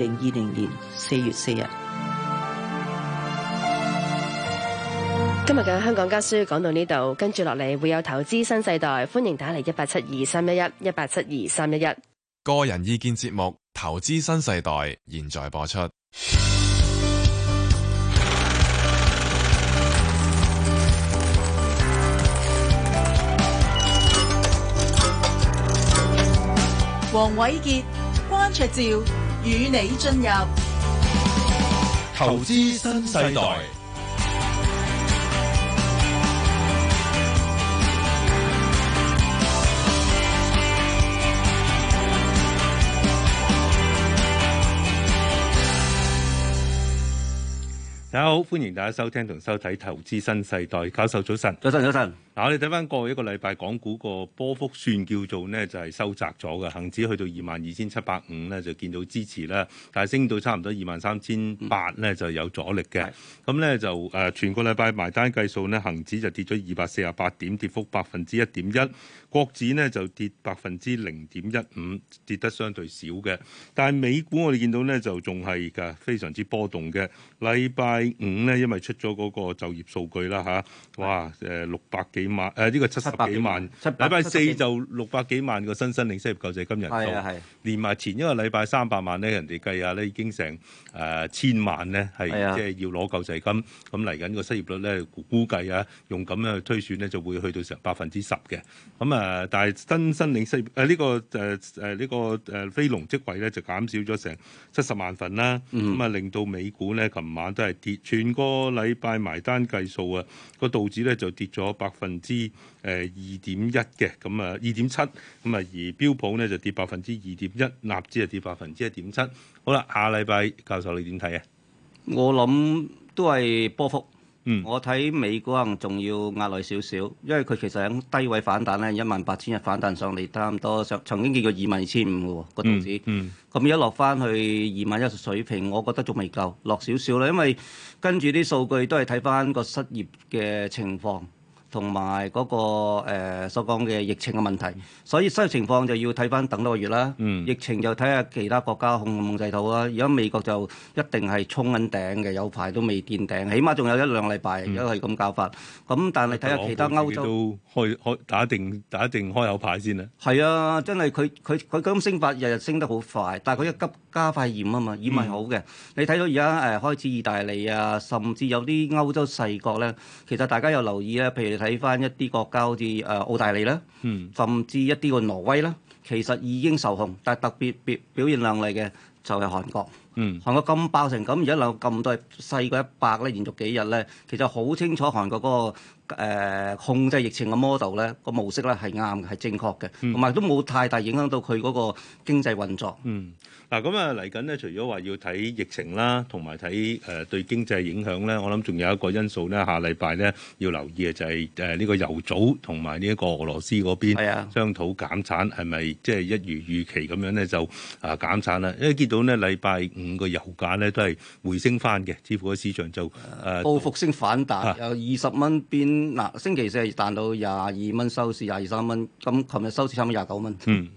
二零二零年四月四日，今日嘅香港家書講到呢度，跟住落嚟會有投資新世代，歡迎打嚟一八七二三一一一八七二三一一，個人意見節目《投資新世代》現在播出。黃瑋傑、關焯照。與你進入投資新世代。大家好，歡迎大家收聽同收睇《投資新世代》。教授，早晨，早晨，早晨。我哋睇翻過去一個禮拜，港股個波幅算叫做呢，就係收窄咗嘅。恒指去到二萬二千七百五呢，就見到支持啦。但係升到差唔多二萬三千八呢，就有阻力嘅。咁呢，就誒，全個禮拜埋單計數呢，恒指就跌咗二百四十八點，跌幅百分之一點一。國指呢，就跌百分之零點一五，跌得相對少嘅。但係美股我哋見到呢，就仲係噶非常之波動嘅。禮拜五呢，因為出咗嗰個就業數據啦嚇，哇誒六百幾萬呢、啊呢個七十幾萬，禮拜四就六百幾萬個新申領失業救濟金人數，啊啊、連埋前一個禮拜三百萬咧，人哋計下咧已經成誒千萬咧係即係要攞救濟金，咁嚟緊個失業率咧估計啊，用咁樣去推算咧就會去到成百分之十嘅。咁啊，但係新申領失誒呢個誒誒呢個誒非農職位咧就減少咗成七十萬份啦。咁啊，令到美股咧琴晚都係跌，全個禮拜埋單計數啊，個道指咧就跌咗百分之誒，二點一嘅咁啊，二點七咁啊。而標普呢就跌百分之二點一，納指就跌百分之一點七。好啦，下禮拜教授你點睇啊？我諗都係波幅，嗯，我睇美國仲要壓耐少少，因為佢其實喺低位反彈咧，一萬八千日反彈上嚟差唔多，上曾經見過二萬二千五嘅個道指。嗯，咁一落翻去二萬一水平，我覺得仲未夠落少少啦，因為跟住啲數據都係睇翻個失業嘅情況。同埋嗰個誒所講嘅疫情嘅問題，所以實際情況就要睇翻等多個月啦。疫情就睇下其他國家控唔控制到啦。而家美國就一定係衝緊頂嘅，有排都未見頂，起碼仲有一兩禮拜。而家係咁搞法。咁但係睇下其他歐洲開開打定打定開口牌先啦。係啊，真係佢佢佢咁升法，日日升得好快，但係佢一急加快染啊嘛，染係好嘅。你睇到而家誒開始意大利啊，甚至有啲歐洲細國咧，其實大家有留意咧，譬如。睇翻一啲國家好似誒澳大利啦，嗯、甚至一啲個挪威啦，其實已經受控，但特別表表現能力嘅就係韓國。韓、嗯、國咁爆成咁，而家留咁多係細過一百咧，連續幾日咧，其實好清楚韓國嗰、嗰個。誒控制疫情嘅 model 咧個模式咧係啱嘅，係正確嘅，同埋都冇太大影響到佢嗰個經濟運作。嗯，嗱咁啊嚟緊咧，除咗話要睇疫情啦，同埋睇誒對經濟影響咧，我諗仲有一個因素咧，下禮拜咧要留意嘅就係誒呢個油組同埋呢一個俄羅斯嗰邊商討，係啊，商討減產係咪即係一如預期咁樣咧就啊減產啦？因為見到呢禮拜五個油價咧都係回升翻嘅，似乎個市場就誒報、呃、復性反彈，啊、有二十蚊變。嗱，星期四彈到廿二蚊收市，廿二三蚊。咁琴日收市差唔多廿九蚊。嗯，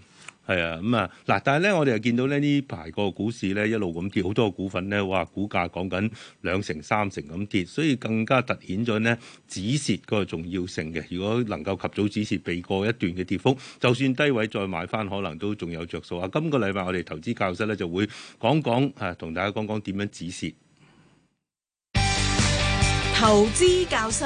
係啊，咁啊，嗱，但係咧，我哋又見到咧呢排個股市咧一路咁跌，好多股份咧，哇，股價講緊兩成、三成咁跌，所以更加突顯咗呢止蝕嗰個重要性嘅。如果能夠及早止蝕，避過一段嘅跌幅，就算低位再買翻，可能都仲有着數啊。今個禮拜我哋投資教室咧就會講講嚇，同、啊、大家講講點樣止蝕。投資教室。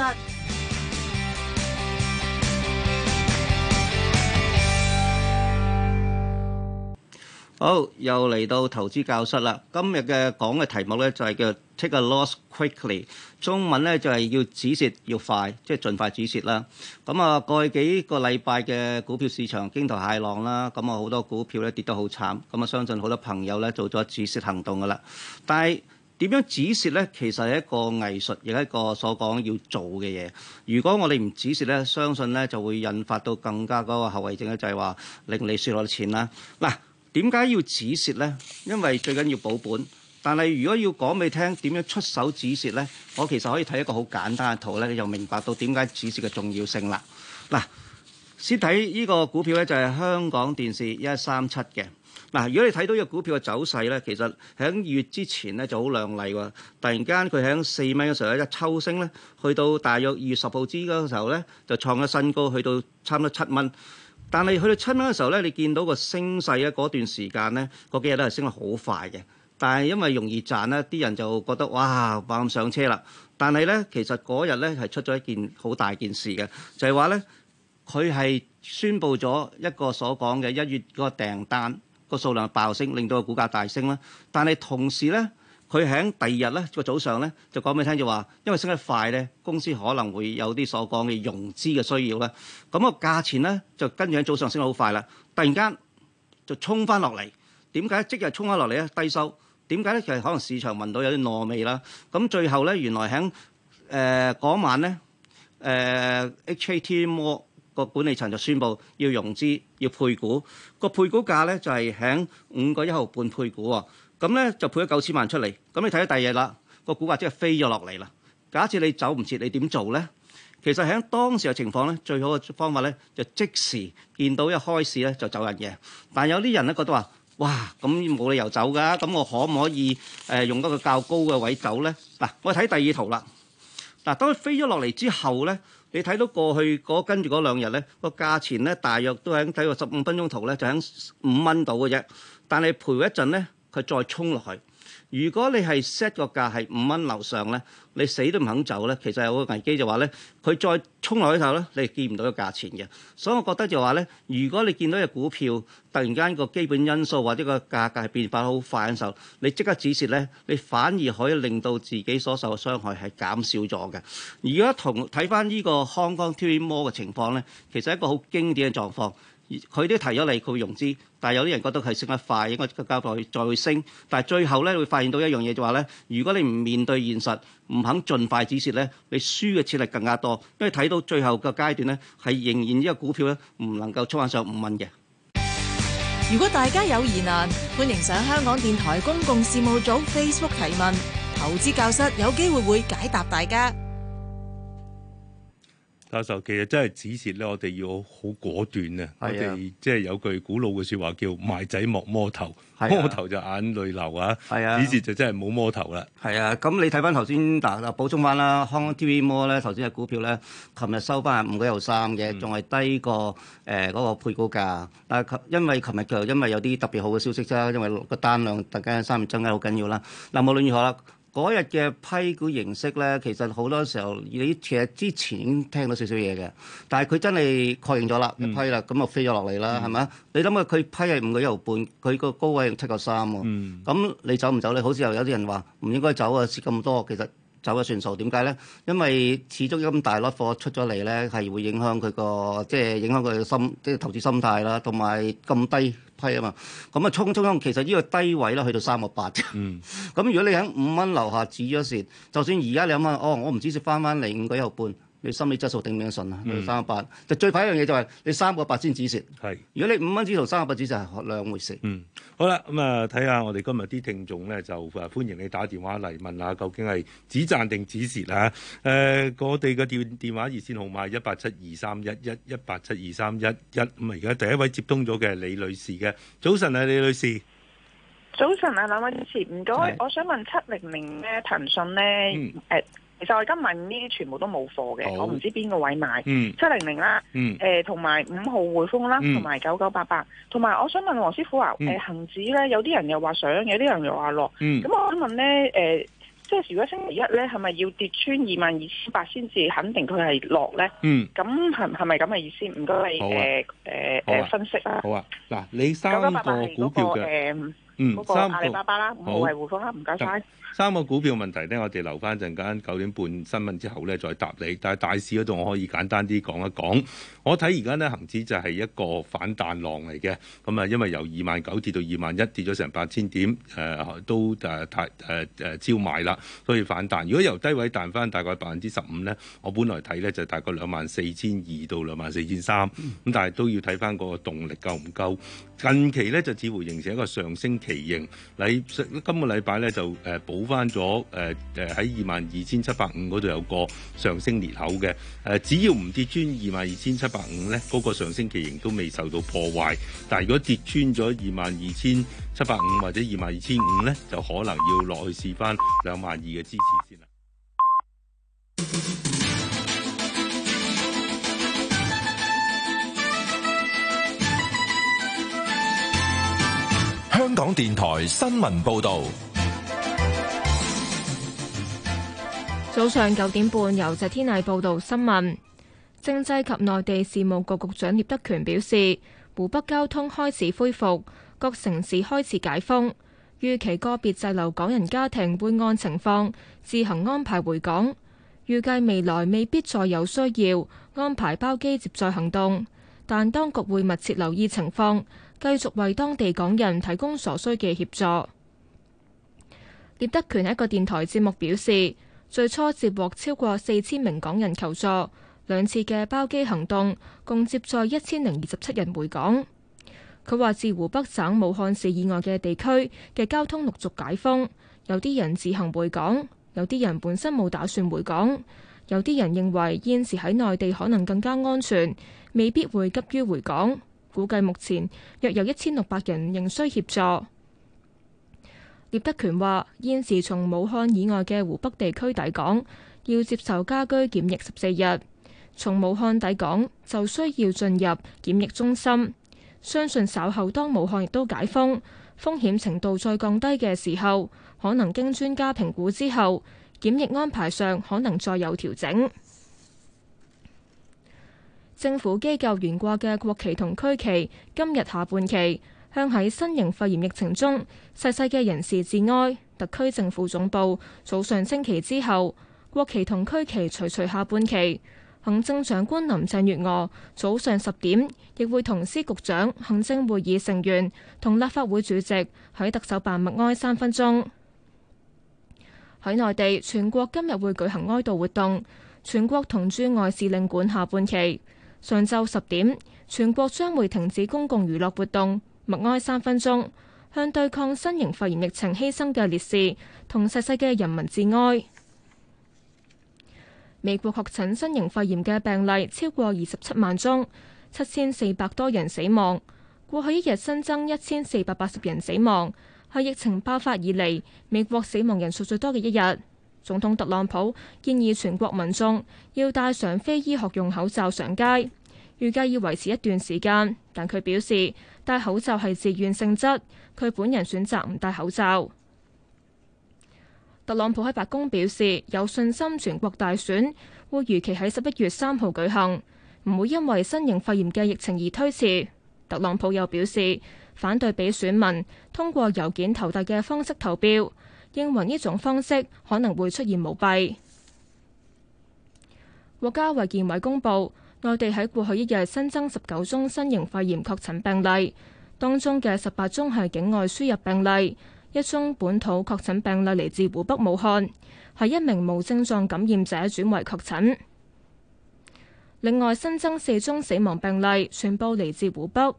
好，又嚟到投資教室啦。今日嘅講嘅題目呢，就係、是、叫 Take a loss quickly，中文呢，就係、是、要止蝕要快，即係盡快止蝕啦。咁、嗯、啊，過去幾個禮拜嘅股票市場驚台蟹浪驚濤駭浪啦，咁啊好多股票呢，跌得好慘，咁、嗯、啊相信好多朋友呢做咗止蝕行動噶啦。但係點樣止蝕呢？其實係一個藝術，亦係一個所講要做嘅嘢。如果我哋唔止蝕呢，相信呢就會引發到更加嗰個後遺症咧，就係、是、話令你蝕落錢啦。嗱。點解要止蝕呢？因為最緊要保本。但係如果要講俾你聽點樣出手止蝕呢？我其實可以睇一個好簡單嘅圖呢，就明白到點解止蝕嘅重要性啦。嗱，先睇呢個股票呢，就係、是、香港電視一一三七嘅。嗱，如果你睇到呢個股票嘅走勢呢，其實喺二月之前呢就好靚麗喎。突然間佢喺四蚊嘅時候一抽升呢，去到大約二月十號之嘅時候呢，就創咗新高，去到差唔多七蚊。但係去到七蚊嘅時候咧，你見到個升勢咧，嗰段時間咧，嗰幾日都係升得好快嘅。但係因為容易賺咧，啲人就覺得哇，冇咁上車啦。但係咧，其實嗰日咧係出咗一件好大件事嘅，就係話咧，佢係宣布咗一個所講嘅一月個訂單個數量爆升，令到個股價大升啦。但係同時咧。佢喺第二日咧，個早上咧就講俾你聽就話，因為升得快咧，公司可能會有啲所講嘅融資嘅需要啦。咁個價錢咧就跟住喺早上升得好快啦，突然間就衝翻落嚟。點解即日衝翻落嚟咧？低收點解咧？其實可能市場聞到有啲燶味啦。咁最後咧，原來喺誒嗰晚咧，誒 HAT 摩個管理層就宣布要融資，要配股。個配股價咧就係喺五個一毫半配股喎。咁咧就賠咗九千萬出嚟。咁你睇到第二日啦，個股價即係飛咗落嚟啦。假設你走唔切，你點做咧？其實喺當時嘅情況咧，最好嘅方法咧就即時見到一開市咧就走人嘅。但係有啲人咧覺得話：哇，咁冇理由走㗎。咁我可唔可以誒用嗰個較高嘅位走咧？嗱，我睇第二圖啦。嗱，當佢飛咗落嚟之後咧，你睇到過去嗰跟住嗰兩日咧，個價錢咧大約都喺睇個十五分鐘圖咧就喺五蚊度嘅啫。但係賠一陣咧。佢再衝落去，如果你係 set 個價係五蚊樓上咧，你死都唔肯走咧。其實有個危機就話、是、咧，佢再衝落去頭咧，你見唔到個價錢嘅。所以我覺得就話、是、咧，如果你見到隻股票突然間個基本因素或者個價格係變化好快嘅時候，你即刻止蝕咧，你反而可以令到自己所受嘅傷害係減少咗嘅。而家同睇翻呢個 Hong Kong TV More 嘅情況咧，其實一個好經典嘅狀況。佢都提咗嚟，佢會融資，但係有啲人覺得佢升得快，應該個價錢再再升，但係最後咧會發現到一樣嘢就話咧，如果你唔面對現實，唔肯盡快止蝕咧，你輸嘅蝕率更加多，因為睇到最後嘅階段咧係仍然呢個股票咧唔能夠衝上五蚊嘅。如果大家有疑難，歡迎上香港電台公共事務組 Facebook 提問，投資教室有機會會解答大家。教授其實真係止蝕咧，我哋要好果斷啊！我哋即係有句古老嘅説話叫賣仔莫摸頭，摸、啊、頭就眼淚流啊！止蝕、啊、就真係冇摸頭啦。係啊，咁你睇翻頭先，嗱嗱補充翻啦，Hong TV Mo 咧頭先嘅股票咧，琴日收翻係五九又三嘅，仲係低過誒嗰個配股價。但係、嗯、因為琴日就因為有啲特別好嘅消息啦，因為個單量突然間三月增加好緊要啦。嗱，無論如何啦。嗰日嘅批股形式咧，其實好多時候你其實之前已經聽到少少嘢嘅，但係佢真係確認咗啦，一、嗯、批啦，咁就飛咗落嚟啦，係咪啊？你諗下佢批係五個一毫半，佢個高位七個三喎，咁你走唔走咧？好似又有啲人話唔應該走啊，蝕咁多，其實走得算數，點解咧？因為始終有咁大粒貨出咗嚟咧，係會影響佢個即係影響佢嘅心，即係投資心態啦，同埋咁低。批啊嘛，咁啊衝沖，其實依個低位咧，去到三個八嘅。咁如果你喺五蚊樓下止咗線，就算而家兩蚊，哦，我唔止住翻翻嚟五個一毫半。你心理質素定唔定啊？你三個八，就最怕一樣嘢就係你三個八先止蝕。係，如果你五蚊止頭，三個八止蝕係兩回事。嗯，好啦，咁啊睇下我哋今日啲聽眾咧，就啊歡迎你打電話嚟問下究竟係止賺定止蝕啊。誒，我哋嘅電電話熱線號碼一八七二三一一一八七二三一一。咁啊，而家第一位接通咗嘅係李女士嘅。早晨啊，李女士。早晨啊，兩位主持，唔該。我想問七零零咧，騰訊咧，誒。其實我哋今晚呢啲全部都冇貨嘅，我唔知邊個位買。七零零啦，誒同埋五號匯豐啦，同埋九九八八。同埋我想問黃師傅啊，誒恆指呢有啲人又話上，有啲人又話落。咁我想問呢，誒即係如果星期一呢係咪要跌穿二萬二千八先至肯定佢係落呢？咁係係咪咁嘅意思？唔該你誒誒分析啦。好啊。嗱，你九九八八係嗰個誒，嗯，嗰個阿里巴巴啦，五號係匯豐啦，唔該晒。三個股票問題呢，我哋留翻陣間九點半新聞之後呢，再答你。但係大市嗰度我可以簡單啲講一講。我睇而家呢，恒指就係一個反彈浪嚟嘅。咁啊，因為由二萬九跌到二萬一，跌咗成八千點，誒、呃、都誒太誒誒超賣啦，所以反彈。如果由低位彈翻大概百分之十五呢，我本來睇呢，就大概兩萬四千二到兩萬四千三。咁但係都要睇翻個動力夠唔夠。近期呢，就似乎形成一個上升旗形。禮今個禮拜呢，就誒、呃補翻咗，誒誒，喺二萬二千七百五嗰度有個上升裂口嘅，誒，只要唔跌穿二萬二千七百五咧，嗰個上升期型都未受到破壞。但係如果跌穿咗二萬二千七百五或者二萬二千五咧，就可能要落去試翻兩萬二嘅支持先啦。香港電台新聞報道。早上九點半，由謝天麗報道新聞。政制及內地事務局局長聶德權表示，湖北交通開始恢復，各城市開始解封。預期個別滯留港人家庭會按情況自行安排回港。預計未來未必再有需要安排包機接載行動，但當局會密切留意情況，繼續為當地港人提供所需嘅協助。聶德權喺一個電台節目表示。最初接獲超過四千名港人求助，兩次嘅包機行動共接載一千零二十七人回港。佢話，自湖北省武漢市以外嘅地區嘅交通陸續解封，有啲人自行回港，有啲人本身冇打算回港，有啲人認為現時喺內地可能更加安全，未必會急於回港。估計目前約有一千六百人仍需協助。聶德權話：現時從武漢以外嘅湖北地區抵港，要接受家居檢疫十四日；從武漢抵港就需要進入檢疫中心。相信稍後當武漢亦都解封，風險程度再降低嘅時候，可能經專家評估之後，檢疫安排上可能再有調整。政府機構懸掛嘅國旗同區旗今日下半旗，向喺新型肺炎疫情中逝世嘅人士致哀。特區政府總部早上升旗之後，國旗同區旗徐徐下半旗。行政長官林鄭月娥早上十點亦會同司局長、行政會議成員同立法會主席喺特首辦默哀三分鐘。喺內地，全國今日會舉行哀悼活動，全國同駐外使領館下半旗。上晝十點，全國將會停止公共娛樂活動。默哀三分鐘，向對抗新型肺炎疫情犧牲嘅烈士同逝世嘅人民致哀。美國確診新型肺炎嘅病例超過二十七萬宗，七千四百多人死亡。過去一日新增一千四百八十人死亡，係疫情爆發以嚟美國死亡人數最多嘅一日。總統特朗普建議全國民眾要戴上非醫學用口罩上街，預計要維持一段時間，但佢表示：戴口罩係自願性質，佢本人選擇唔戴口罩。特朗普喺白宮表示有信心全國大選會如期喺十一月三號舉行，唔會因為新型肺炎嘅疫情而推遲。特朗普又表示反對俾選民通過郵件投遞嘅方式投票，認為呢種方式可能會出現舞弊。國家衞健委公佈。內地喺過去一日新增十九宗新型肺炎確診病例，當中嘅十八宗係境外輸入病例，一宗本土確診病例嚟自湖北武漢，係一名無症狀感染者轉為確診。另外新增四宗死亡病例，全部嚟自湖北。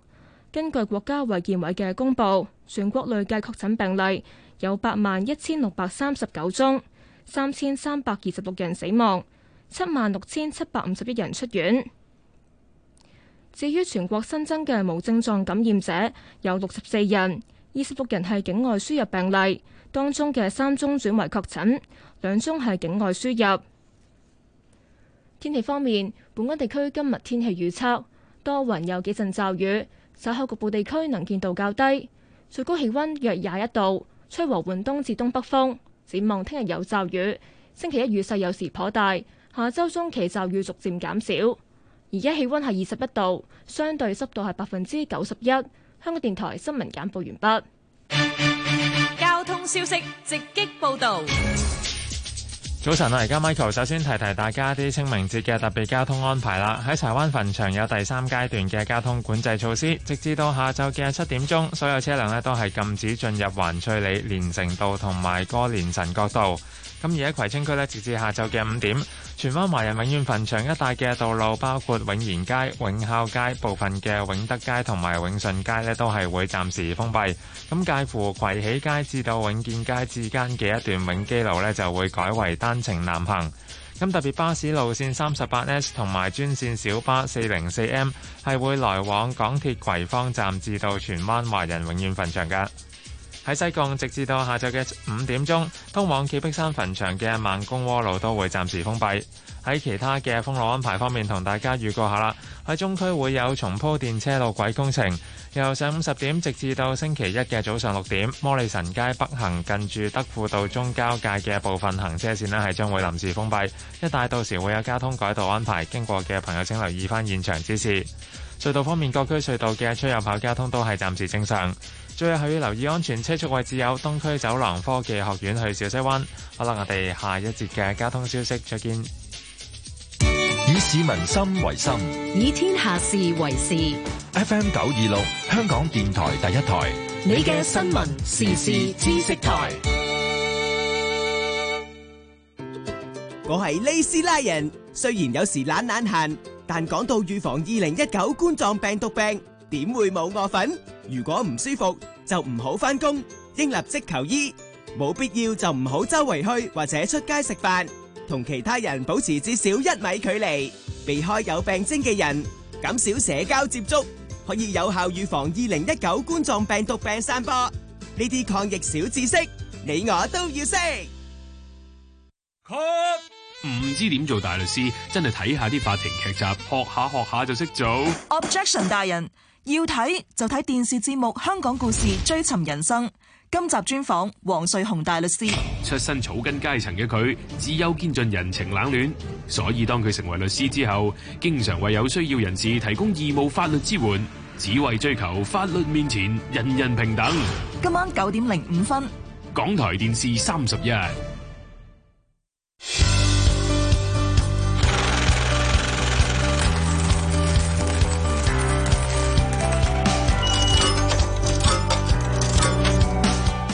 根據國家衛健委嘅公布，全國累計確診病例有八萬一千六百三十九宗，三千三百二十六人死亡。七萬六千七百五十一人出院。至於全國新增嘅無症狀感染者有六十四人，二十六人係境外輸入病例，當中嘅三宗轉為確診，兩宗係境外輸入。天氣方面，本港地區今日天氣預測多雲，有幾陣驟雨，稍後局部地區能見度較低，最高氣溫約廿一度，吹和緩東至東北風。展望聽日有驟雨，星期一雨勢有時頗大。下周中期驟雨逐漸減少，而家氣溫係二十一度，相對濕度係百分之九十一。香港電台新聞簡報完畢。交通消息直擊報道。早晨啊，而家 Michael 首先提提大家啲清明節嘅特別交通安排啦。喺柴灣墳場有第三階段嘅交通管制措施，直至到下晝嘅七點鐘，所有車輛咧都係禁止進入環翠里、連城道同埋歌連臣角道。咁而喺葵青區呢，直至下晝嘅五點，荃灣華人永遠墳場一帶嘅道路，包括永賢街、永孝街部分嘅永德街同埋永順街呢，都係會暫時封閉。咁介乎葵起街至到永建街之間嘅一段永基路呢，就會改為單程南行。咁特別巴士路線三十八 S 同埋專線小巴四零四 M 係會來往港鐵葵芳站至到荃灣華人永遠墳場嘅。喺西貢，直至到下晝嘅五點鐘，通往企碧山墳場嘅孟公窩路都會暫時封閉。喺其他嘅封路安排方面，同大家預告下啦。喺中區會有重鋪電車路軌工程，由上午十點直至到星期一嘅早上六點，摩利臣街北行近住德輔道中交界嘅部分行車綫呢，係將會臨時封閉，一帶到時會有交通改道安排，經過嘅朋友請留意翻現場指示。隧道方面，各區隧道嘅出入口交通都係暫時正常。最後要留意安全車速位置有東區走廊科技學院去小西灣。好啦，我哋下一節嘅交通消息再見。以市民心為心，以天下事為事。FM 九二六，香港電台第一台。你嘅新聞時事知識台。我係李斯拉人，雖然有時懶懶閒，但講到預防二零一九冠狀病毒病。點會冇我份？如果唔舒服就唔好翻工，應立即求醫。冇必要就唔好周圍去或者出街食飯，同其他人保持至少一米距離，避開有病徵嘅人，減少社交接觸，可以有效預防二零一九冠狀病毒病散播。呢啲抗疫小知識，你我都要識。唔知點做大律師，真係睇下啲法庭劇集，學下學下就識做。Objection，大人。要睇就睇電視節目《香港故事》，追尋人生。今集專訪黃瑞雄大律師。出身草根階層嘅佢，自幼見盡人情冷暖，所以當佢成為律師之後，經常為有需要人士提供義務法律支援，只為追求法律面前人人平等。今晚九點零五分，港台電視三十一。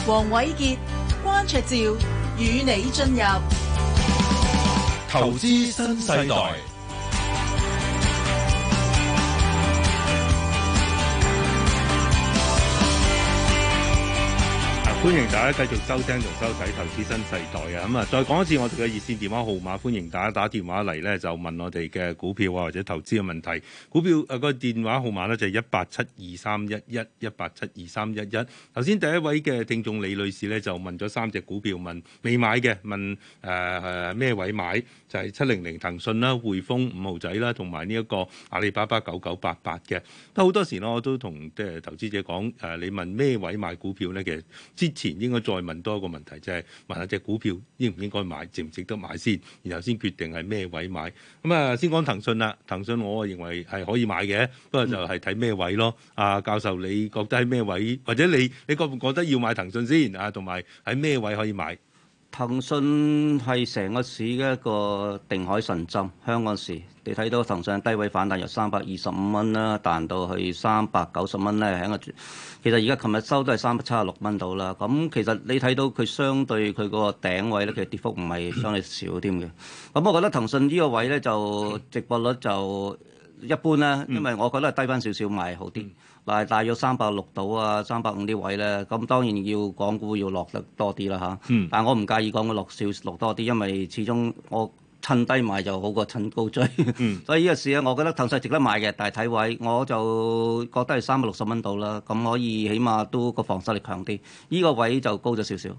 黃瑋傑、關焯照與你進入投資新世代。歡迎大家繼續收聽，收聽《同收睇投資新世代》啊！咁啊，再講一次我哋嘅熱線電話號碼，歡迎大家打電話嚟咧，就問我哋嘅股票啊或者投資嘅問題。股票啊個電話號碼咧就係一八七二三一一一八七二三一一。頭先第一位嘅聽眾李女士咧就問咗三隻股票，問未買嘅，問誒誒咩位買？就係七零零騰訊啦、匯豐五號仔啦，同埋呢一個阿里巴巴九九八八嘅。不過好多時我都同即係投資者講誒，你問咩位買股票咧？其實之前應該再問多一個問題，就係、是、問下隻股票應唔應該買，值唔值得買先，然後先決定係咩位買。咁啊，先講騰訊啦。騰訊我認為係可以買嘅，不過就係睇咩位咯。阿、嗯、教授你覺得喺咩位？或者你你覺唔覺得要買騰訊先啊？同埋喺咩位可以買？騰訊係成個市嘅一個定海神針，香港市你睇到騰訊低位反彈，由三百二十五蚊啦，彈到去三百九十蚊咧，係一個其實而家琴日收都係三百七十六蚊到啦。咁其實你睇到佢相對佢個頂位咧，其實跌幅唔係相對少添嘅。咁 我覺得騰訊呢個位咧就值博率就一般啦，因為我覺得低翻少少買好啲。 大約三百六度啊，三百五啲位咧，咁當然要港股要落得多啲啦嚇。嗯、但係我唔介意港股落少落多啲，因為始終我趁低買就好過趁高追。嗯、 所以呢個市啊，我覺得騰訊值得買嘅，但係睇位我就覺得係三百六十蚊度啦。咁可以起碼都個防守力強啲。依、呢個位就高咗少少。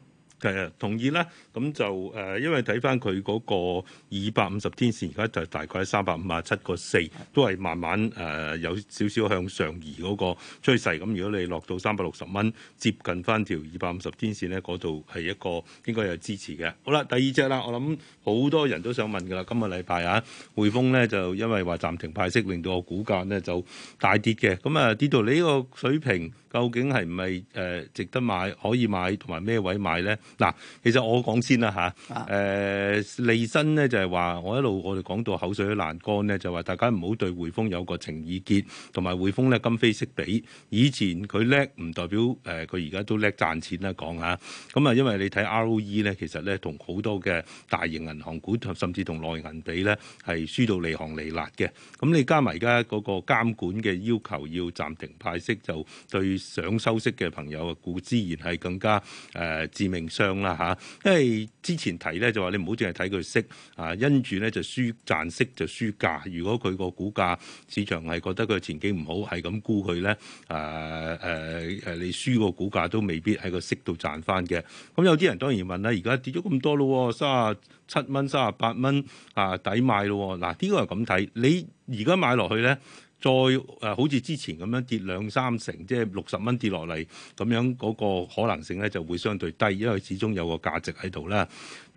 係啊，同意啦。咁就誒、呃，因為睇翻佢嗰個二百五十天線，而家就大概三百五十七個四，都係慢慢誒、呃、有少少向上移嗰個趨勢。咁如果你落到三百六十蚊，接近翻條二百五十天線咧，嗰度係一個應該有支持嘅。好啦，第二隻啦，我諗好多人都想問噶啦，今個禮拜啊，匯豐咧就因為話暫停派息，令到個股價咧就大跌嘅。咁啊跌到你呢個水平，究竟係唔係誒值得買、可以買同埋咩位買咧？嗱，其實我講先啦嚇，誒、啊、利申呢，就係話，我一路我哋講到口水都難幹咧，就話大家唔好對匯豐有個情意結，同埋匯豐咧今非昔比，以前佢叻唔代表誒佢而家都叻賺錢啦，講下咁啊，因為你睇 ROE 咧，其實咧同好多嘅大型銀行股甚至同內銀比咧係輸到離行離辣嘅，咁你加埋而家嗰個監管嘅要求要暫停派息，就對想收息嘅朋友啊，固然係更加誒、呃、致命。啦嚇，因為之前提咧就話你唔好淨係睇佢息啊，因住咧就輸賺息就輸價。如果佢個股價市場係覺得佢前景唔好，係咁沽佢咧，誒誒誒，你輸個股價都未必喺個息度賺翻嘅。咁、嗯、有啲人當然問啦，而家跌咗咁多咯，三十七蚊、三十八蚊啊，抵、啊、買咯？嗱、啊，呢個係咁睇，你而家買落去咧。再誒、呃，好似之前咁樣跌兩三成，即係六十蚊跌落嚟咁樣，嗰個可能性咧就會相對低，因為始終有個價值喺度啦。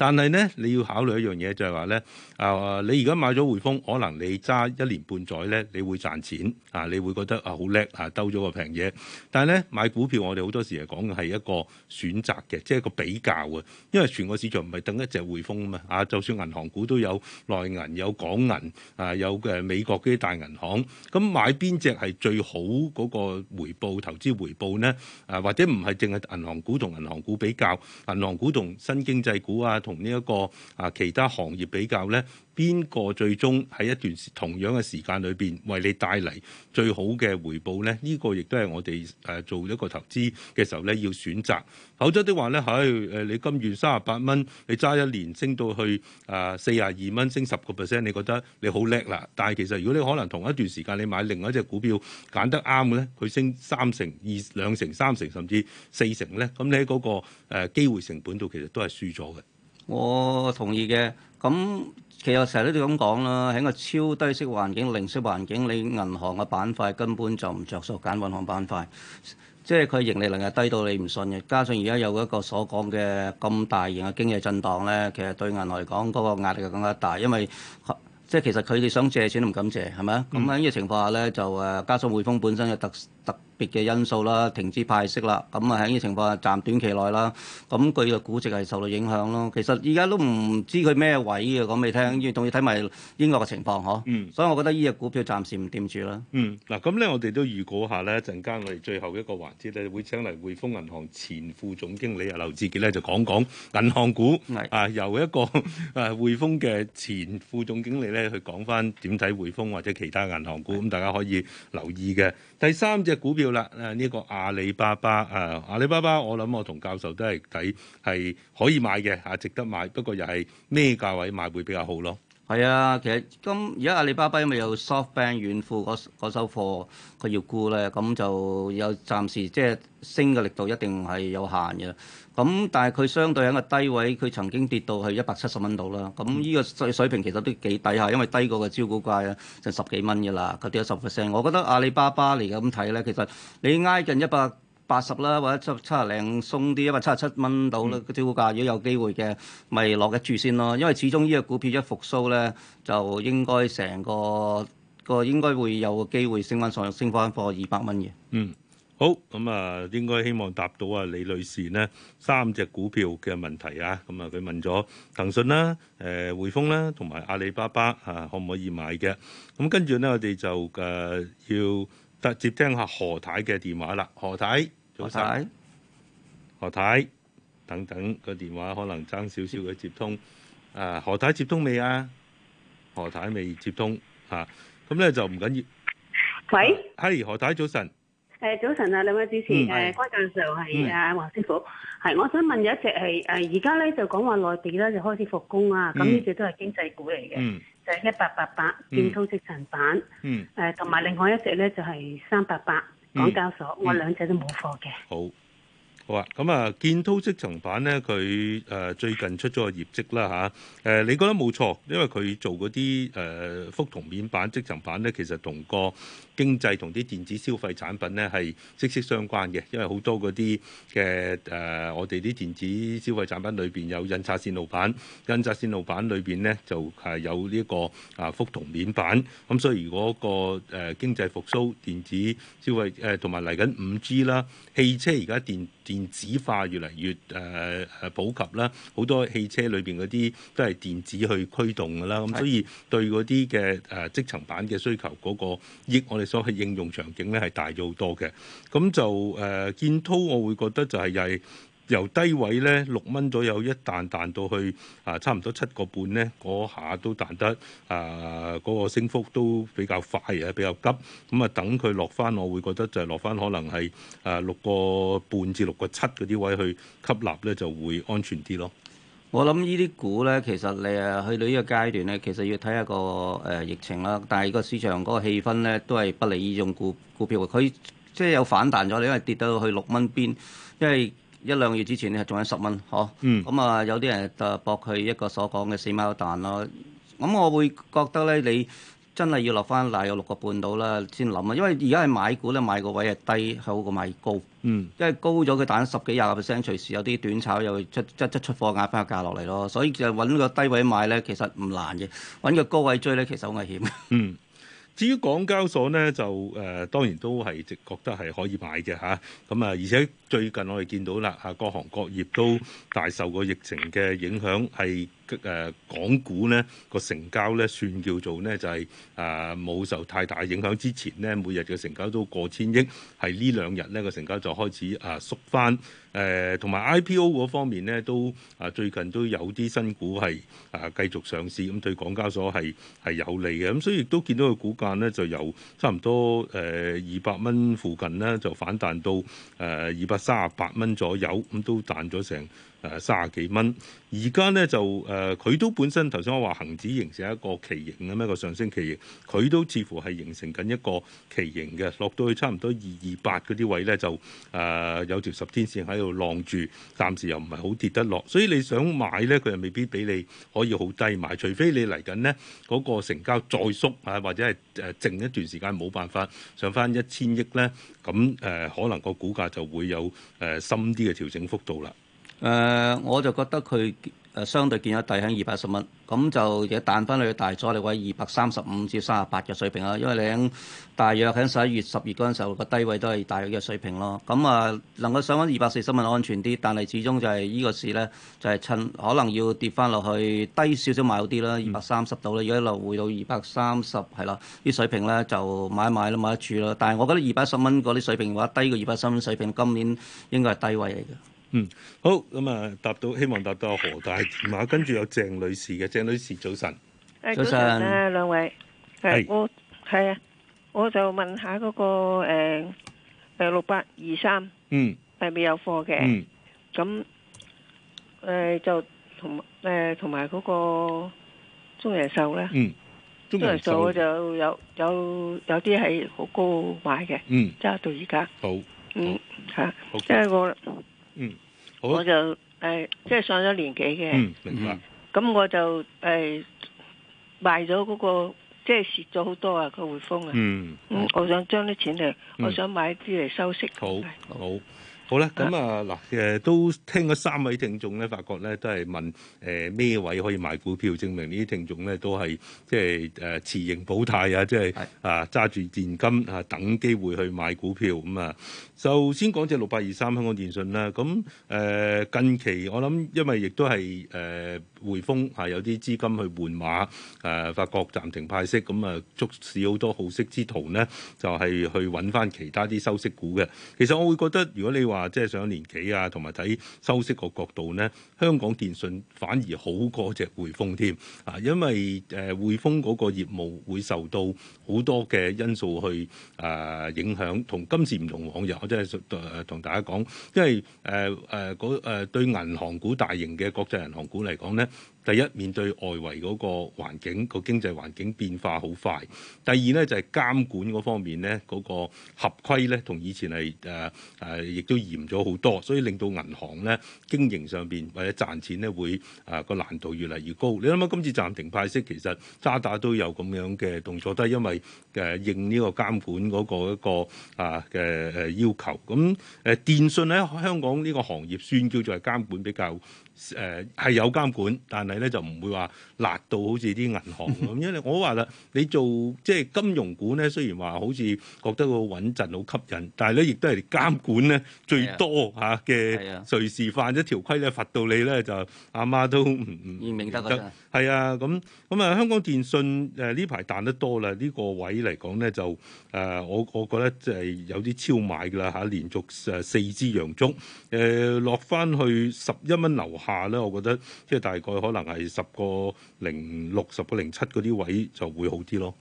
但係呢，你要考慮一樣嘢，就係話呢，啊，你而家買咗匯豐，可能你揸一年半載呢，你會賺錢啊，你會覺得啊好叻啊，兜咗個平嘢。但係呢，買股票我哋好多時係講嘅係一個選擇嘅，即係一個比較啊，因為全個市場唔係等一隻匯豐啊嘛。啊，就算銀行股都有內銀、有港銀啊，有嘅美國嗰啲大銀行，咁買邊隻係最好嗰個回報、投資回報呢，啊，或者唔係淨係銀行股同銀行股比較，銀行股同新經濟股啊？同呢一個啊，其他行業比較咧，邊個最終喺一段同樣嘅時間裏邊為你帶嚟最好嘅回報咧？呢、這個亦都係我哋誒做一個投資嘅時候咧，要選擇。否則嘅話咧，喺、哎、誒，你今月三十八蚊，你揸一年升到去啊四十二蚊，升十個 percent，你覺得你好叻啦。但係其實如果你可能同一段時間你買另外一隻股票揀得啱嘅咧，佢升三成、二兩成、三成甚至四成咧，咁你喺嗰個誒機會成本度其實都係輸咗嘅。我同意嘅，咁其實成日都咁講啦，喺個超低息環境、零息環境，你銀行嘅板塊根本就唔着數揀銀行板塊，即係佢盈利能力低到你唔信嘅。加上而家有一個所講嘅咁大型嘅經濟震盪咧，其實對銀行嚟講嗰個壓力就更加大，因為即係其實佢哋想借錢都唔敢借，係咪啊？咁喺呢個情況下咧，就誒加上匯豐本身嘅特特特嘅因素啦，停止派息啦，咁啊喺呢個情況下，暫短期內啦，咁佢嘅估值係受到影響咯。其實而家都唔知佢咩位嘅，講未聽，要仲要睇埋英國嘅情況嗬。嗯。所以我覺得呢隻股票暫時唔掂住啦。嗯。嗱，咁咧我哋都預估下咧，陣間我哋最後一個環節咧，會請嚟匯豐銀行前副總經理啊劉志杰咧就講講銀行股。係是。啊，由一個啊匯豐嘅前副總經理咧去講翻點睇匯豐或者其他銀行股，咁是大家可以留意嘅。第三隻股票。好啦，誒呢個阿里巴巴，誒、啊、阿里巴巴，我諗我同教授都係睇係可以買嘅，啊值得買，不過又係咩價位買會比較好咯？係啊，其實今而家阿里巴巴咪有 SoftBank 軟庫嗰首貨佢要沽咧，咁就有暫時即係、就是、升嘅力度一定係有限嘅。咁但係佢相對喺個低位，佢曾經跌到係一百七十蚊度啦。咁、這、呢個水水平其實都幾抵吓，因為低過個招股價啊，成十幾蚊嘅啦，佢跌咗十 percent。我覺得阿里巴巴嚟嘅咁睇咧，其實你挨近一百八十啦，或者七七十零鬆啲，一百七十七蚊度啦個招股價，嗯、如果有機會嘅，咪落一注先咯。因為始終呢個股票一復甦咧，就應該成個個應該會有個機會升翻上升翻過二百蚊嘅。嗯。好咁啊、嗯，應該希望答到啊李女士呢，三隻股票嘅問題啊，咁、嗯、啊佢問咗騰訊啦、誒、呃、匯豐啦同埋阿里巴巴吓、啊、可唔可以買嘅？咁、嗯、跟住呢，我哋就誒、啊、要特接聽下何太嘅電話啦。何太，早晨，何太，何太，等等個電話可能爭少少嘅接通啊？何太接通未啊？何太未接通吓？咁、啊、咧、嗯、就唔緊要。喂，係、啊、何太早晨。誒早晨啊，兩位主持，誒、嗯、關教授就係啊，黃師傅，係、嗯、我想問有一隻係誒，而家咧就講話內地咧就開始復工啊，咁呢隻都係經濟股嚟嘅，嗯、就係一八八八建滔積層板，誒同埋另外一隻咧就係三八八港交所，嗯、我兩隻都冇貨嘅。好好啊，咁啊，建滔積層板咧，佢誒最近出咗個業績啦嚇，誒、啊、你講得冇錯，因為佢做嗰啲誒覆銅面板積層板咧，其實同個。經濟同啲電子消費產品咧係息息相關嘅，因為好多嗰啲嘅誒，我哋啲電子消費產品裏邊有印刷線路板，印刷線路板裏邊咧就係有呢、這個啊覆銅面板。咁所以如果個誒經濟復甦，電子消費誒同埋嚟緊五 G 啦，汽車而家電電子化越嚟越誒誒、呃、普及啦，好多汽車裏邊嗰啲都係電子去驅動㗎啦。咁所以對嗰啲嘅誒積層板嘅需求嗰、那個益，我哋。所以應用場景咧係大咗好多嘅，咁就誒建滔，呃、我會覺得就係又係由低位咧六蚊左右一彈彈到去啊、呃、差唔多七個半咧，嗰下都彈得啊嗰、呃那個升幅都比較快啊，比較急，咁啊等佢落翻，我會覺得就係落翻可能係啊六個半至六個七嗰啲位去吸納咧就會安全啲咯。我諗呢啲股咧，其實你啊去到呢個階段咧，其實要睇下個誒、呃、疫情啦，但係個市場嗰個氣氛咧，都係不利呢種股股票。佢即係有反彈咗，你因為跌到去六蚊邊，因為一兩個月之前你係仲喺十蚊，嗬、啊。咁啊、嗯嗯、有啲人就搏佢一個所講嘅死貓彈咯。咁我會覺得咧你。真係要落翻嚟有六個半到啦，先諗啊！因為而家係買股咧，買個位係低好過買高，嗯、因為高咗佢彈十幾廿個 percent，隨時有啲短炒又會出出出貨出貨壓翻個價落嚟咯，所以就揾個低位買咧，其實唔難嘅；揾個高位追咧，其實好危險。嗯，至於港交所咧，就誒、呃、當然都係直覺得係可以買嘅嚇，咁啊而且最近我哋見到啦，啊各行各業都大受個疫情嘅影響係，誒，港股咧，個成交咧，算叫做咧，就係啊冇受太大影響，之前咧每日嘅成交都過千億，係呢兩日咧個成交就開始啊縮翻，誒同埋 IPO 嗰方面咧都啊最近都有啲新股係啊繼續上市，咁對港交所係係有利嘅，咁所以亦都見到個股價咧就由差唔多誒二百蚊附近咧就反彈到誒二百三十八蚊左右，咁都彈咗成。誒三十幾蚊，而家咧就誒佢，呃、都本身頭先我話恒指形成一個旗形咁一個上升旗形，佢都似乎係形成緊一個旗形嘅，落到去差唔多二二八嗰啲位咧就誒，呃、有條十天線喺度浪住，暫時又唔係好跌得落，所以你想買咧佢又未必俾你可以好低買，除非你嚟緊咧嗰個成交再縮啊，或者係誒靜一段時間冇辦法上翻一千億咧，咁誒，呃、可能個股價就會有誒，呃、深啲嘅調整，調整幅度啦。誒、呃，我就覺得佢誒相對見咗底喺二百一十蚊，咁就嘢彈翻去大阻力位二百三十五至三十八嘅水平啦。因為你係大約喺十一月、十二月嗰陣時候個低位都係大約嘅水平咯。咁啊，能夠上翻二百四十蚊安全啲，但係始終就係依個市咧，就係、是、趁可能要跌翻落去低少少買好啲啦，二百三十度啦，如果一路回到二百三十係啦啲水平咧，就買一買啦，買一處啦。但係我覺得二百一十蚊嗰啲水平嘅話，低過二百三十蚊水平，今年應該係低位嚟嘅。嗯，好咁啊，答到希望答到何大田啊，跟住有鄭女士嘅，鄭女士早晨，早晨啊，兩位係我係啊，我就問下嗰個誒誒六八二三嗯係咪有貨嘅？嗯咁誒就同誒同埋嗰個中人壽咧嗯中人壽我就有有有啲係好高買嘅嗯，即係到而家好嗯係即係我嗯。好我就誒即係上咗年紀嘅、嗯，明白。咁我就誒賣咗嗰個，即係蝕咗好多啊、個匯豐啊，嗯，嗯好我想將啲錢嚟，嗯、我想買一啲嚟收息，好，是好。好啦，咁啊嗱，誒都聽咗三位聽眾咧，發覺咧都係問誒咩、呃、位可以買股票，證明呢啲聽眾咧都係即係誒持盈保泰啊，即係啊揸住現金啊等機會去買股票咁、嗯、啊。首先講隻六八二三香港電訊啦，咁誒、呃、近期我諗，因為亦都係誒。呃匯豐係有啲資金去換馬，誒發覺暫停派息，咁啊促使好多好息之徒呢就係去揾翻其他啲收息股嘅。其實我會覺得，如果你話即係上年紀啊，同埋睇收息個角度呢，香港電訊反而好過隻匯豐添啊，因為誒匯豐嗰個業務會受到好多嘅因素去誒影響，同今時唔同往日。我即係誒同大家講，因為誒誒嗰誒對銀行股大型嘅國際銀行股嚟講呢。第一，第一面對外圍嗰個環境，個經濟環境變化好快，第二咧就係、是、監管嗰方面咧嗰、那個合規咧同以前係誒誒亦都嚴咗好多，所以令到銀行咧經營上邊或者賺錢咧會誒個、呃、難度越嚟越高。你諗下，今次暫停派息其實渣打都有咁樣嘅動作，都係因為誒、呃、應呢個監管嗰個一個啊嘅誒要求。咁誒、呃、電訊喺香港呢個行業算叫做係監管比較。誒係、呃、有監管，但係咧就唔會話辣到好似啲銀行咁。 因為我話啦，你做即係金融股咧，雖然話好似覺得個穩陣好吸引，但係咧亦都係監管咧最多嚇嘅隨時犯一條規咧，罰到你咧就阿媽都唔唔明得㗎啫。係啊，咁咁啊，香港電訊誒呢排彈得多啦。呢、這個位嚟講咧就誒、呃、我我覺得即係有啲超買㗎啦嚇，連續誒四支陽燭誒落翻去十一蚊樓下。下咧、呃，我覺得即係大概可能係十個零六、十個零七嗰啲位就會好啲咯。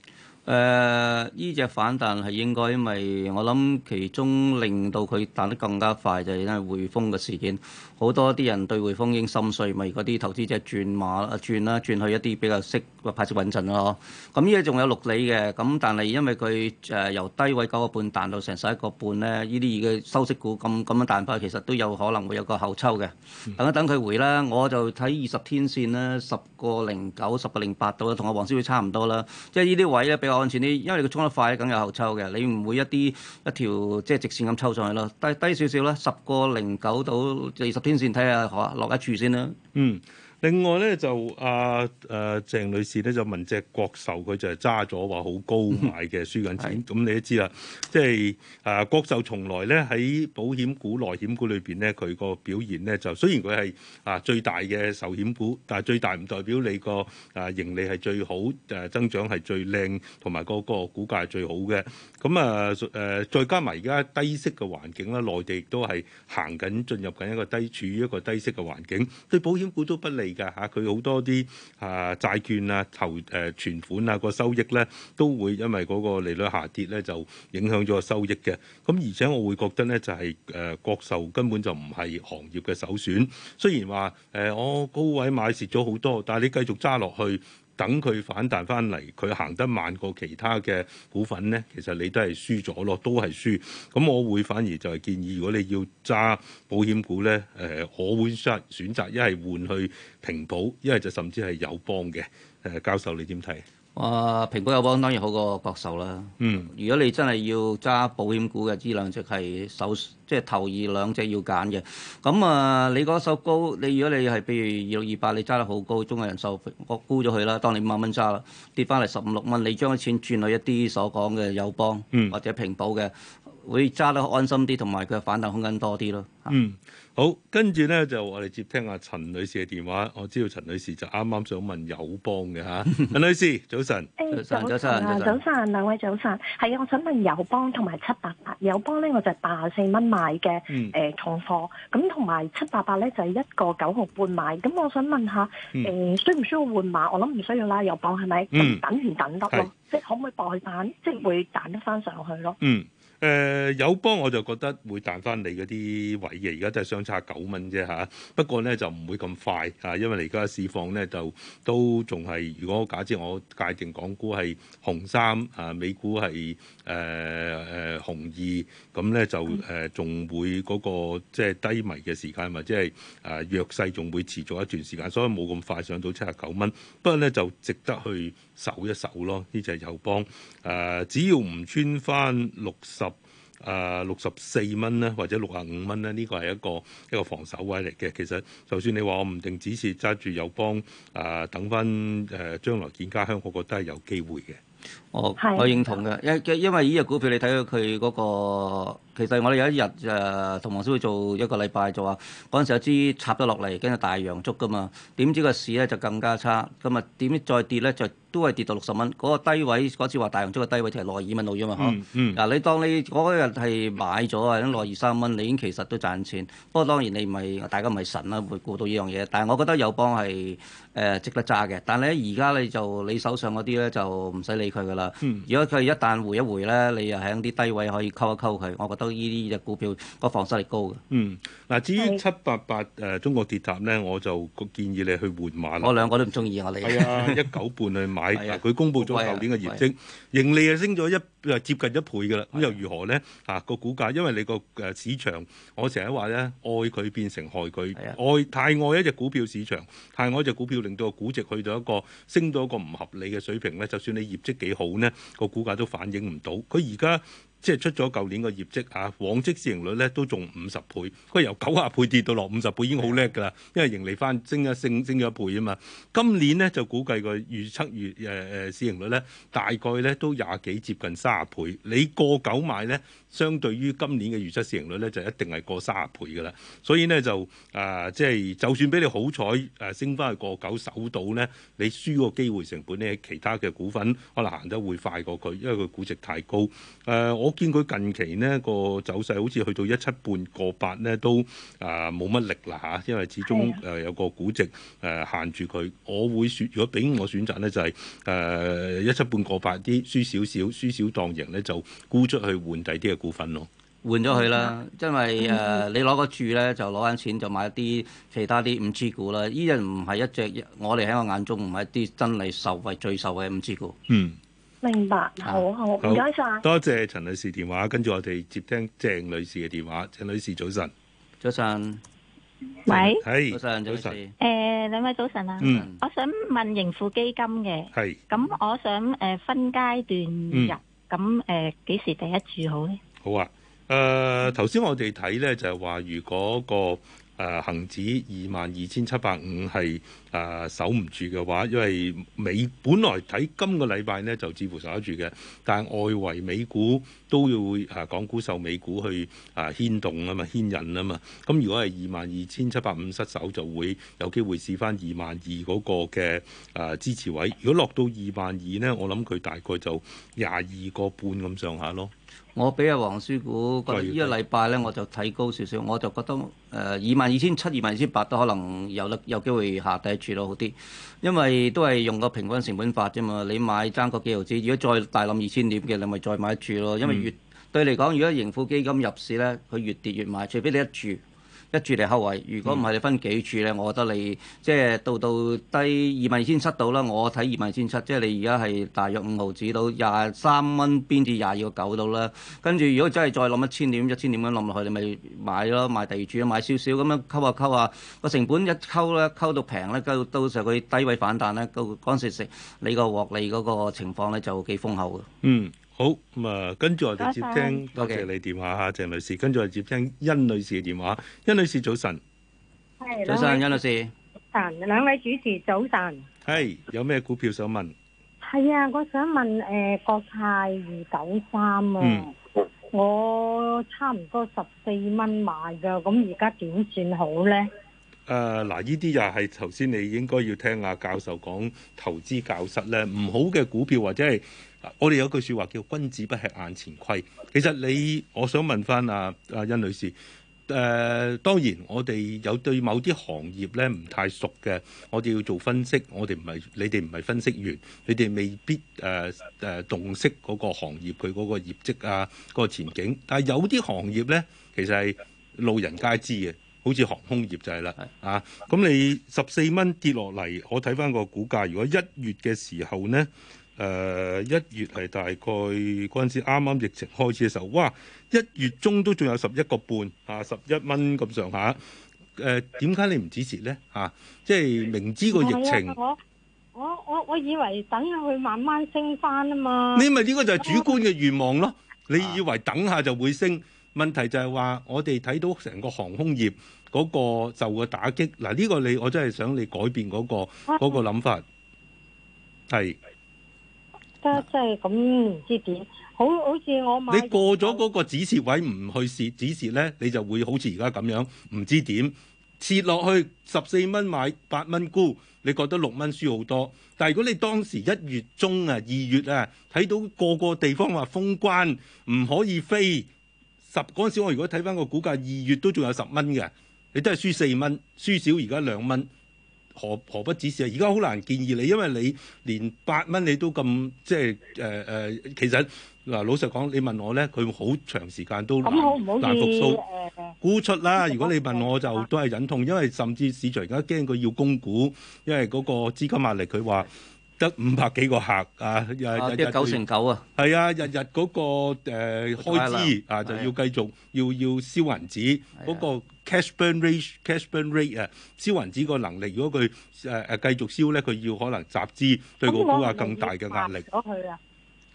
誒，呢隻反彈係應該，因為我諗其中令到佢彈得更加快就係因為匯豐嘅事件。好多啲人對匯豐已經心碎，咪嗰啲投資者轉馬啊轉啦，轉去一啲比較識嘅派息穩陣咯。咁呢啲仲有六厘嘅，咁但係因為佢誒由低位九個半彈到成十一個半咧，呢啲嘅收息股咁咁樣彈翻，其實都有可能會有個後抽嘅。等一等佢回啦，我就睇二十天線啦，十個零九、十個零八度，啦，同阿黃師妹差唔多啦。即係呢啲位咧比較安全啲，因為佢衝得快，梗有後抽嘅。你唔會一啲一條即係直線咁抽上去咯，低低少少啦，十個零九到二十天。先睇下可落得住先啦。嗯。另外咧就阿誒鄭女士咧就問隻國壽，佢就係揸咗話好高買嘅輸緊錢，咁你都知啦，即係啊、呃、國壽從來咧喺保險股內險股裏邊咧佢個表現咧就雖然佢係啊最大嘅壽險股，但係最大唔代表你個啊盈利係最好誒增長係最靚同埋個、嗰個股價係最好嘅，咁啊誒再加埋而家低息嘅環境啦，內地都係行緊進入緊一個低處於一個低息嘅環境，對保險股都不利。噶佢好多啲啊債券啊、投誒、呃、存款啊、嗰個收益咧，都會因為嗰個利率下跌咧，就影響咗收益嘅。咁而且我會覺得咧，就係、是、誒、呃、國壽根本就唔係行業嘅首選。雖然話誒我高位買蝕咗好多，但係你繼續揸落去。等佢反彈翻嚟，佢行得慢過其他嘅股份呢，其實你都係輸咗咯，都係輸。咁我會反而就係建議，如果你要揸保險股呢，誒、呃，我會選擇一係換去平保，一係就甚至係友邦嘅。誒、呃，教授你點睇？哇！平保、呃、友邦當然好過國壽啦。嗯，如果你真係要揸保險股嘅，依兩隻係首，即係頭二兩隻要揀嘅。咁啊、呃，你嗰手高，你如果你係比如二六二八，你揸得好高，中國人壽我沽咗佢啦，當你五萬蚊揸啦，跌翻嚟十五六蚊，你將個錢轉去一啲所講嘅友邦，嗯，或者平保嘅，會揸得安心啲，同埋佢反彈空間多啲咯。啊、嗯。好，跟住咧就我哋接聽阿陳女士嘅電話。我知道陳女士就啱啱想問友邦嘅吓，陳女士早晨，早晨 早晨，早晨，兩位早晨，係啊，我想問友邦同埋七八八友邦咧，我就係八十四蚊買嘅，誒、呃，重貨，咁同埋七八八咧就係一個九毫半買，咁、呃呃呃、我想問下，誒，需唔需要換馬？我諗唔需要啦，友邦係咪、呃？等唔等得咯是、呃？即係可唔可以代版？即係會彈得翻上去咯？嗯。誒、呃、有幫我就覺得會彈翻你嗰啲位嘅，而家真係相差九蚊啫嚇。不過咧就唔會咁快嚇、啊，因為而家市況咧就都仲係，如果假設我界定港股係紅三嚇、啊，美股係誒誒紅二，咁咧就誒仲、呃、會嗰、那個即係、就是、低迷嘅時間嘛，即係誒弱勢仲會持續一段時間，所以冇咁快上到七十九蚊。不過咧就值得去。守一守咯，呢隻友邦，誒、呃、只要唔穿翻六十誒六十四蚊咧，或者六十五蚊咧，呢、這個係一個一個防守位嚟嘅。其實就算你話我唔定，只是揸住友邦誒、呃、等翻誒將來見家鄉，我覺得係有機會嘅。哦、是我我認同嘅，因因因為依隻股票你睇到佢嗰個，其實我哋有一日誒同黃師妹做一個禮拜就話，嗰陣時有支插咗落嚟，跟住大陽燭噶嘛，點知個市咧就更加差，咁啊點再跌咧就都係跌到六十蚊，嗰、那個低位嗰次話大陽燭嘅低位就係六二蚊到啫嘛，嗱、嗯嗯啊、你當你嗰日係買咗啊，內已經二三蚊，你已經其實都賺錢，不過當然你唔係大家唔係神啦，會估到呢樣嘢，但係我覺得友邦係誒、呃、值得揸嘅，但係咧而家你就你手上嗰啲咧就唔使理佢噶啦。嗯，如果佢一旦回一回咧，你又喺啲低位可以溝一溝佢，我覺得呢啲嘅股票個防守力高嘅。嗯，嗱，至於七八八誒中國鐵塔咧，我就個建議你去換馬。我兩個都唔中意，我哋係啊，一九半去買，佢、啊、公布咗舊年嘅業績，啊啊、盈利啊升咗一接近一倍㗎啦，咁又如何呢？嚇、啊、個股價，因為你個誒市場，我成日話呢，愛佢變成害佢，愛太愛一隻股票市場，太愛一隻股票，令到個股值去到一個升到一個唔合理嘅水平呢。就算你業績幾好呢，個股價都反映唔到。佢而家。即係出咗舊年嘅業績嚇、啊，往績市盈率咧都仲五十倍，佢由九十倍跌到落五十倍已經好叻㗎啦，因為盈利翻升一升升咗一倍啊嘛。今年咧就估計個預測月誒誒市盈率咧，大概咧都廿幾接近三十倍。你過九買咧，相對於今年嘅預測市盈率咧，就一定係過三十倍㗎啦。所以咧就誒即係就算俾你好彩誒升翻去過九守到咧，你輸個機會成本咧，其他嘅股份可能行得會快過佢，因為佢估值太高。誒、呃呃、我。我見佢近期呢個走勢好似去到一七半個八呢，都啊冇乜力啦吓，因為始終誒的、呃、有個估值誒限住佢。我會選，如果俾我選擇呢，就係、是、誒、呃、一七半個八啲輸少少，輸少當贏呢，就沽出去換第二啲嘅股份咯。換咗佢啦，因為誒、呃、你攞個注呢，就攞翻錢就買啲其他啲五 G 股啦。呢隻唔係一隻，我哋喺我眼中唔係一啲真係受惠、最受惠嘅五 G 股。嗯。明白，好好，唔該晒。多謝陳女士電話，跟住我哋接聽鄭女士嘅電話。鄭女士早晨，早晨，喂，係早晨，早晨。誒，兩位早晨啊，嗯，我想問盈富基金嘅，係，咁我想誒分階段入，咁誒幾時第一注好咧？好啊，誒，頭先我哋睇咧就係話，如果個。誒恆、呃、指二萬二千七百五係誒守唔住嘅話，因為美本來睇今個禮拜呢就似乎守得住嘅，但係外圍美股都要誒、呃、港股受美股去誒牽動啊嘛牽引啊嘛，咁、嗯、如果係二萬二千七百五失守就會有機會試翻二萬二嗰個嘅誒、呃、支持位，如果落到二萬二呢，我諗佢大概就廿二個半咁上下咯。我俾阿黃師股，覺得呢個禮拜咧，我就睇高少少，我就覺得誒二萬二千七、二萬二千八都可能有得有機會下第一注咯。好啲，因為都係用個平均成本法啫嘛。你買爭個幾毫子，如果再大冧二千點嘅，你咪再買一注咯。因為越、嗯、對嚟講，如果盈富基金入市咧，佢越跌越買，除非你一注。一注嚟後圍，嗯、如果唔係你分幾注咧？我覺得你即係到到低二萬二千七到啦，我睇二萬二千七，即係你而家係大約五毫紙到廿三蚊邊至廿二個九到啦。跟住如果真係再諗一千點，一千點咁諗落去，你咪買咯，買第二注，買少少咁樣溝下溝下個成本一溝咧，溝到平咧，到到時候佢低位反彈咧，到嗰陣時食你個獲利嗰個情況咧就幾豐厚嘅。嗯。好咁啊！跟住我哋接聽，多謝你電話吓，鄭女士。跟住我哋接聽殷女士嘅電話，殷女士早晨，係早晨，殷女士。晨，兩位主持早晨。係有咩股票想問？係啊，我想問誒，國泰二九三啊，我差唔多十四蚊買㗎，咁而家點算好咧？誒，嗱，呢啲又係頭先你應該要聽阿教授講投資教室咧，唔好嘅股票或者係。我哋有句説話叫君子不吃眼前虧。 其實你，我想問翻阿阿殷女士。誒、呃，當然我哋有對某啲行業咧唔太熟嘅，我哋要做分析。我哋唔係你哋唔係分析員，你哋未必誒誒洞悉嗰個行業佢嗰個業績啊，嗰、嗰個前景。但係有啲行業咧，其實係路人皆知嘅，好似航空業就係啦。啊，咁你十四蚊跌落嚟，我睇翻個股價。如果一月嘅時候咧，誒一、uh, 月係大概嗰時啱啱疫情開始嘅時候，哇！一月中都仲有十一個半啊，十一蚊咁上下。誒，點解你唔止蝕呢？嚇、啊，即係明知個疫情，啊、我我我以為等下去慢慢升翻啊嘛。你咪呢個就係主觀嘅願望咯。你以為等下就會升，問題就係話我哋睇到成個航空業嗰個受嘅打擊。嗱、啊、呢、呢個你我真係想你改變嗰、嗰個嗰、嗰個諗法，係。得，即係咁，唔知點，好好似我買。你過咗嗰個止蝕位唔去蝕止蝕呢，你就會好似而家咁樣，唔知點切落去，十四蚊買八蚊沽，你覺得六蚊輸好多。但係如果你當時一月中啊、二月啊，睇到個個地方話封關，唔可以飛十嗰陣時，我如果睇翻個股價，二月都仲有十蚊嘅，你都係輸四蚊，輸少而家兩蚊。何何不止蝕啊？而家好難建議你，因為你連八蚊你都咁即係誒誒，其實嗱老實講，你問我咧，佢好長時間都難,難復甦。沽出啦！呃、如果你問我就、呃、都係忍痛，因為甚至市場而家驚佢要供股，因為嗰個資金壓力，佢話。得五百幾個客啊！啊，得九成九啊！係啊，日日嗰、啊啊嗰個誒開支啊，就要繼續、啊、要要燒銀紙。嗰、啊、個 cash burn rate cash burn rate 啊，燒銀紙個能力，如果佢誒誒繼續燒咧，佢要可能集資對個股啊更大嘅壓力。哦，咗佢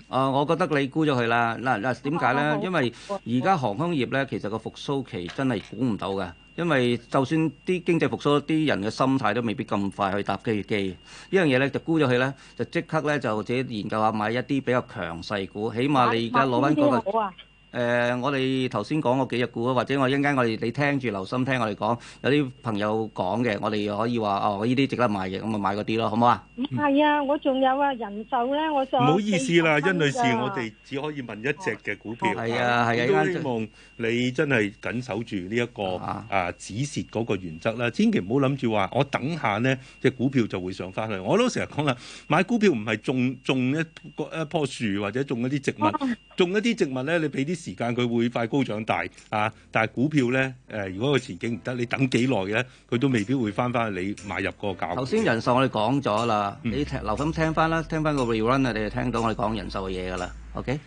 啊，我覺得你估咗佢啦。嗱嗱，點解咧？因為而家航空業咧，其實個復甦期真係估唔到嘅。因為就算啲經濟復甦，啲人嘅心態都未必咁快去搭飛機，呢樣嘢咧就沽咗佢咧，就即刻咧就自己研究下買一啲比較強勢股，起碼你而家攞翻嗰個。誒，我哋頭先講個幾隻股啊，或者我一陣間我哋你聽住留心聽我哋講，有啲朋友講嘅，我哋可以話哦，呢啲值得買嘅，咁咪買嗰啲咯，好唔好啊？係啊，我仲有啊，人壽咧，我想唔好意思啦，甄女士，我哋只可以問一隻嘅股票。係啊，係啊，希望你真係緊守住呢一個啊止蝕嗰個原則啦，千祈唔好諗住話我等下呢隻股票就會上翻去。我都成日講啦，買股票唔係種種一個一棵樹或者種一啲植物，種一啲植物咧，你俾啲。時間佢會快高長大啊！但係股票咧，誒、呃，如果個前景唔得，你等幾耐咧，佢都未必會翻翻去你買入個價。頭先人壽我哋講咗啦，嗯、你聽留心聽翻啦，聽翻個 re run 啊，你就聽到我哋講人壽嘅嘢㗎啦。OK。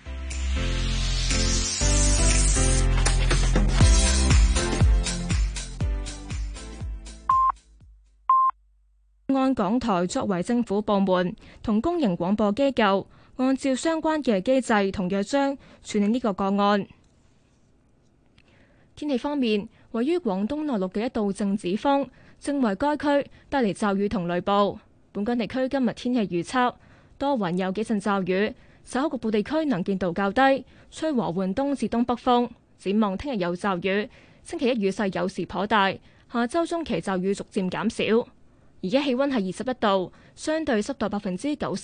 按港台作為政府部門同公營廣播機構，按照相關嘅機制同約章處理呢個個案。天氣方面，位於廣東內陸嘅一道靜止風，正為該區帶嚟驟雨同雷暴。本港地區今日天，天氣預測多雲有幾陣驟雨，稍局部地區能見度較低，吹和緩東至東北風。展望聽日有驟雨，星期一雨勢有時頗大，下周中期驟雨逐漸減少。而家氣温係二十一度，相對濕度百分之九十。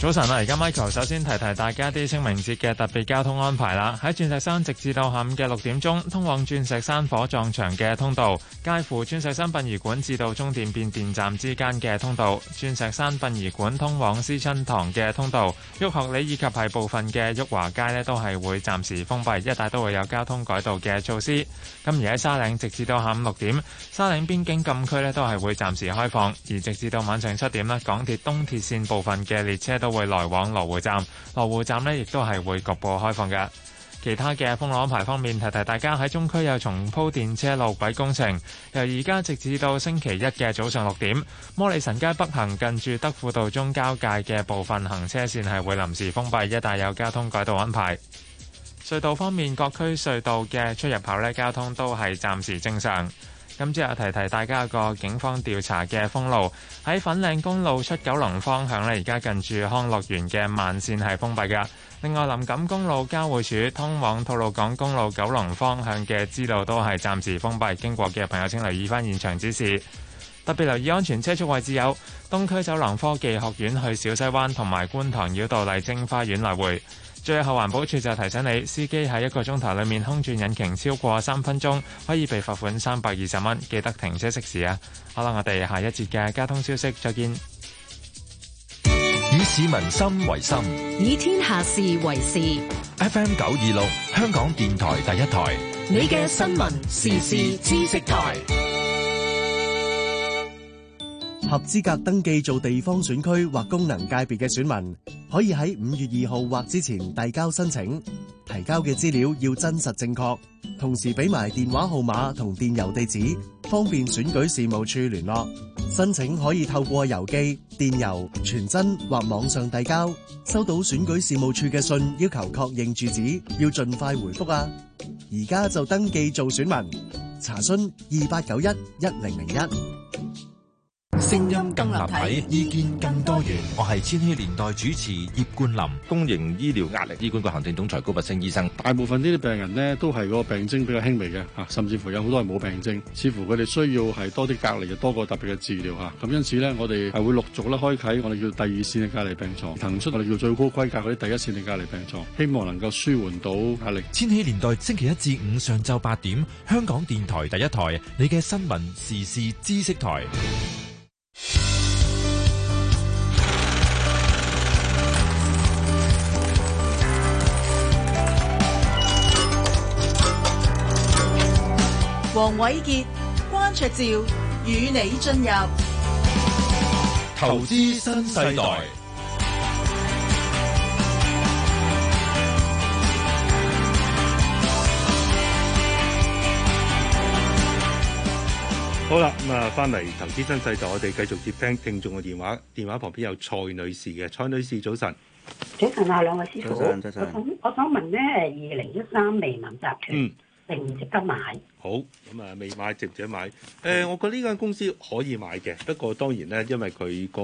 早晨啦，而家 Michael 首先提提大家啲清明節嘅特別交通安排啦。喺鑽石山，直至到下午嘅六點鐘通往鑽石山火葬場嘅通道，介乎鑽石山殯儀館至到中電變電站之間嘅通道，鑽石山殯儀館通往思親堂嘅通道，毓華里以及係部分嘅毓華街咧，都係會暫時封閉，一帶都會有交通改道嘅措施。咁而喺沙嶺，直至到下午六點沙嶺邊境禁區咧都係會暫時開放，而直至到晚上七點啦，港鐵東鐵綫部分嘅列車都會來往羅湖站，羅湖站呢，亦都係會局部開放嘅。其他嘅封路安排方面，提提大家喺中區有重鋪電車路軌工程，由而家直至到星期一嘅早上六點，摩利臣街北行近住德輔道中交界嘅部分行車線係會臨時封閉，一帶有交通改道安排。隧道方面，各區隧道嘅出入口呢，交通都係暫時正常。今朝又提提大家一個警方調查嘅封路，喺粉嶺公路出九龍方向呢，而家近住康樂園嘅慢線係封閉噶。另外，林錦公路交匯處通往吐露港公路九龍方向嘅支路都係暫時封閉，經過嘅朋友請留意翻現場指示。特別留意安全車速位置，有東區走廊科技學院去小西灣，同埋觀塘繞道麗晶花園來回。最後環保署就提醒你，司機喺一個鐘頭裏面空轉引擎超過三分鐘，可以被罰款三百二十蚊。記得停車熄匙啊！好啦，我哋下一節嘅交通消息再見。以市民心為心，嗯、以天下事為事。FM 九二六，香港電台第一台，你嘅新聞時事知識台。合資格登記做地方選區或功能界別嘅選民，可以喺五月二號或之前遞交申請。提交嘅資料要真實正確，同時俾埋電話號碼同電郵地址，方便選舉事務處聯絡。申請可以透過郵寄、電郵、傳真或網上遞交。收到選舉事務處嘅信要求確認住址，要盡快回覆啊！而家就登記做選民，查詢二八九一一零零一。聲音更立體，意見更多元。我係千禧年代主持葉冠林。公營醫療壓力，醫管局行政總裁高拔升醫生，大部分呢啲病人呢，都係個病徵比較輕微嘅吓，甚至乎有好多係冇病徵，似乎佢哋需要係多啲隔離，就多過特別嘅治療吓。咁因此呢，我哋係會陸續咧開啟我哋叫第二線嘅隔離病床，騰出我哋叫最高規格嗰啲第一線嘅隔離病床，希望能夠舒緩到壓力。千禧年代星期一至五上晝八點，香港電台第一台，你嘅新聞時事知識台。黃瑋傑、關焯照與你進入投資新世代。好啦，咁、嗯、啊，翻嚟投資新世代，就我哋繼續接聽聽眾嘅電話。電話旁邊有蔡女士嘅，蔡女士早晨，早晨啊，兩位師傅，早晨，早晨。早晨我，想我想問咧，二零一三未林集團。值唔值得買？好，咁啊未買值唔值得買？誒、呃，我覺得呢間公司可以買嘅，不過當然咧，因為佢個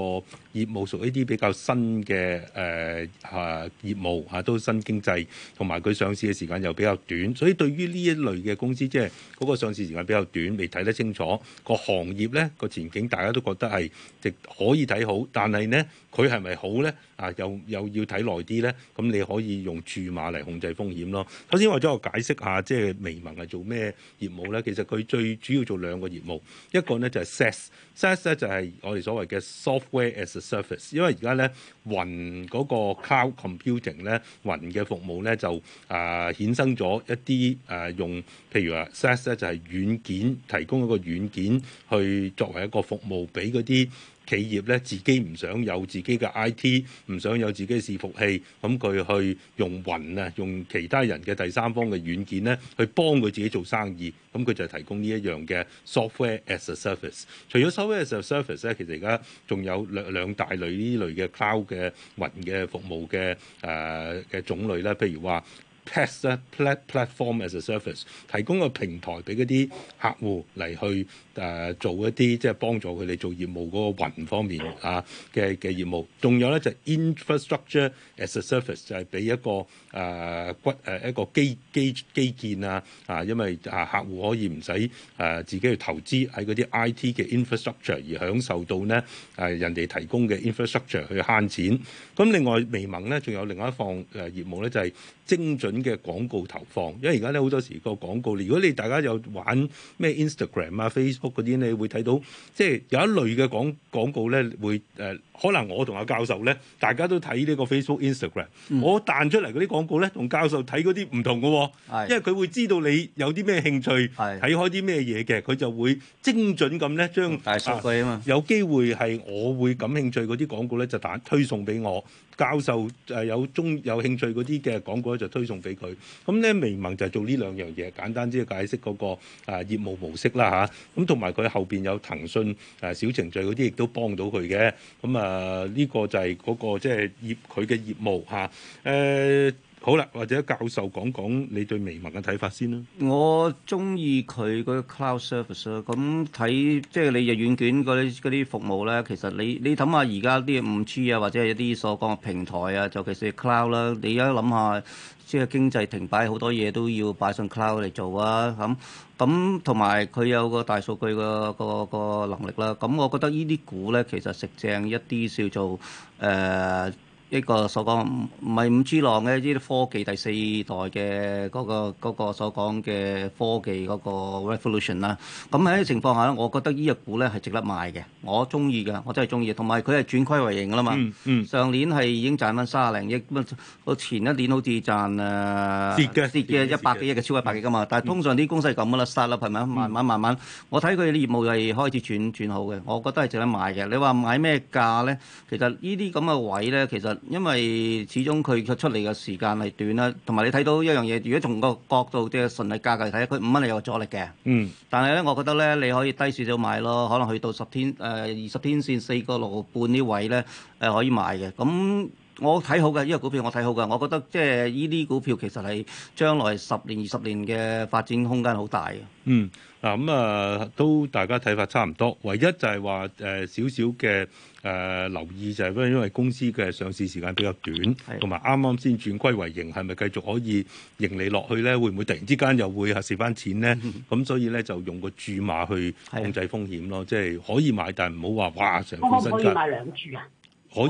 業務屬於啲比較新嘅誒、呃、啊業務啊，都新經濟，同埋佢上市嘅時間又比較短，所以對於呢一類嘅公司，即係嗰個上市時間比較短，未睇得清楚個行業咧個前景，大家都覺得係值可以睇好，但係呢，佢係咪好咧？啊，又又要睇耐啲咧，咁、嗯、你可以用注碼嚟控制風險咯。首先為咗我解釋下，即係微盟係做咩業務咧？其實佢最主要做兩個業務，一個咧就係 SaaS，SaaS 咧就係我哋所謂嘅 software as a service。因為而家咧雲嗰個 cloud computing 咧，雲嘅服務咧就啊、呃、衍生咗一啲誒、呃、用，譬如話 SaaS 咧就係軟件提供一個軟件去作為一個服務俾嗰啲。企業咧自己唔想有自己嘅 I T，唔想有自己嘅伺服器，咁佢去用雲，啊，用其他人嘅第三方嘅軟件咧，去幫佢自己做生意，咁佢就係提供呢一樣嘅 software as a service。除咗 software as a service 咧，其實而家仲有兩兩大類呢類嘅 cloud 嘅雲嘅服務嘅誒嘅種類咧，譬如話 PaaS platform as a service，提供個平台俾嗰啲客戶嚟去。誒做一啲即係幫助佢哋做業務個雲方面啊嘅嘅業務，仲有咧就係 infrastructure as a service 就係俾一個誒骨誒一個基基基建啊啊，因為啊客戶可以唔使誒自己去投資喺嗰啲 I T 嘅 infrastructure 而享受到咧誒、啊、人哋提供嘅 infrastructure 去慳錢。咁另外微盟咧仲有另外一方誒業務咧就係、是、精準嘅廣告投放，因為而家咧好多時個廣告，如果你大家有玩咩 Instagram 啊 Face 嗰啲你會睇到，即係有一類嘅廣廣告咧，會誒、呃、可能我同阿教授咧，大家都睇呢個 Facebook、Instagram，、嗯、我彈出嚟嗰啲廣告咧，同教授睇嗰啲唔同嘅、哦，是因為佢會知道你有啲咩興趣，睇開啲咩嘢嘅，佢就會精準咁咧將大數據啊嘛、呃，有機會係我會感興趣嗰啲廣告咧就彈推送俾我。教授誒、呃、有中有興趣嗰啲嘅廣告就推送俾佢，咁咧微盟就係做呢兩樣嘢，簡單啲解釋嗰、那個誒、啊、業務模式啦吓，咁同埋佢後邊有騰訊誒、啊、小程序嗰啲亦都幫到佢嘅，咁啊呢、這個就係嗰、那個即係業佢嘅業務吓。誒、啊。呃好啦，或者教授講講你對微盟嘅睇法先啦。我中意佢嗰啲 cloud service 啦，咁睇即係你軟件個嗰啲服務咧，其實你你諗下而家啲五 G 啊，或者一啲所講嘅平台啊，尤其係 cloud 啦。你而家諗下，即係經濟停擺好多嘢都要擺上 cloud 嚟做啊。咁咁同埋佢有個大數據個個個能力啦。咁我覺得呢啲股咧，其實食正一啲叫做誒。呃一個所講唔係五 G 浪嘅，依啲科技第四代嘅嗰、嗰個嗰個所講嘅科技嗰個 revolution 啦。咁喺情況下咧，我覺得呢隻股咧係值得買嘅，我中意㗎，我真係中意。同埋佢係轉虧為盈㗎嘛。嗯嗯、上年係已經賺翻三十零億，咁啊，前一年好似賺啊跌嘅跌嘅一百幾億嘅格超過百幾㗎嘛。嗯、但係通常啲公司係咁㗎啦，殺落係咪慢慢、嗯、慢慢，我睇佢啲業務係開始轉轉好嘅，我覺得係值得買嘅。你話買咩價咧？其實呢啲咁嘅位咧，其實因為始終佢出嚟嘅時間係短啦，同埋你睇到一樣嘢。如果從個角度即係純利價格嚟睇，佢五蚊係有阻力嘅。嗯。但係咧，我覺得咧，你可以低少少買咯，可能去到十天誒二十天線四個六半呢位咧誒可以買嘅。咁、嗯、我睇好嘅，呢、這個股票我睇好嘅。我覺得即係依啲股票其實係將來十年二十年嘅發展空間好大嘅、嗯。嗯。嗱咁啊，都大家睇法差唔多，唯一就係話誒少少嘅。呃小小小誒、呃、留意就係，因為公司嘅上市時間比較短，同埋啱啱先轉虧為盈，係咪繼續可以盈利落去咧？會唔會突然之間又會蝕翻錢咧？咁、 嗯、所以咧就用個注碼去控制風險咯，即係可以買，但係唔好話哇，成副身家。我可，可，可以買兩注啊？好，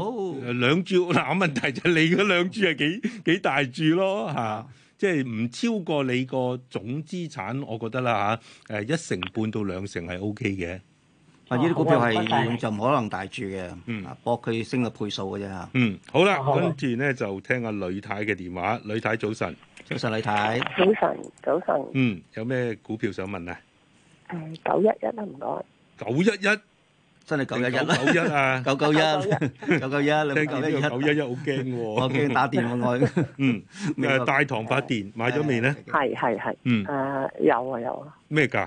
兩注嗱，問題就係你嗰兩注係幾幾大注咯嚇、啊？即係唔超過你個總資產，我覺得啦嚇。誒、啊、一成半到兩成係 O K 嘅。啊！呢啲股票係就唔可能大注嘅，嗯，博佢升嘅倍數嘅啫。嗯，好啦，跟住咧就聽阿呂太嘅電話。呂太早晨，早晨，呂太，早晨，早晨。嗯，有咩股票想問啊？誒，九一一啊，唔該。九一一，真係九一一，九一啊，九九一，九九一，你唔驚咩？九一一好驚，我驚打電話外。嗯，誒，大堂發電買咗未咧？係係係，嗯，誒，有啊有啊。咩價？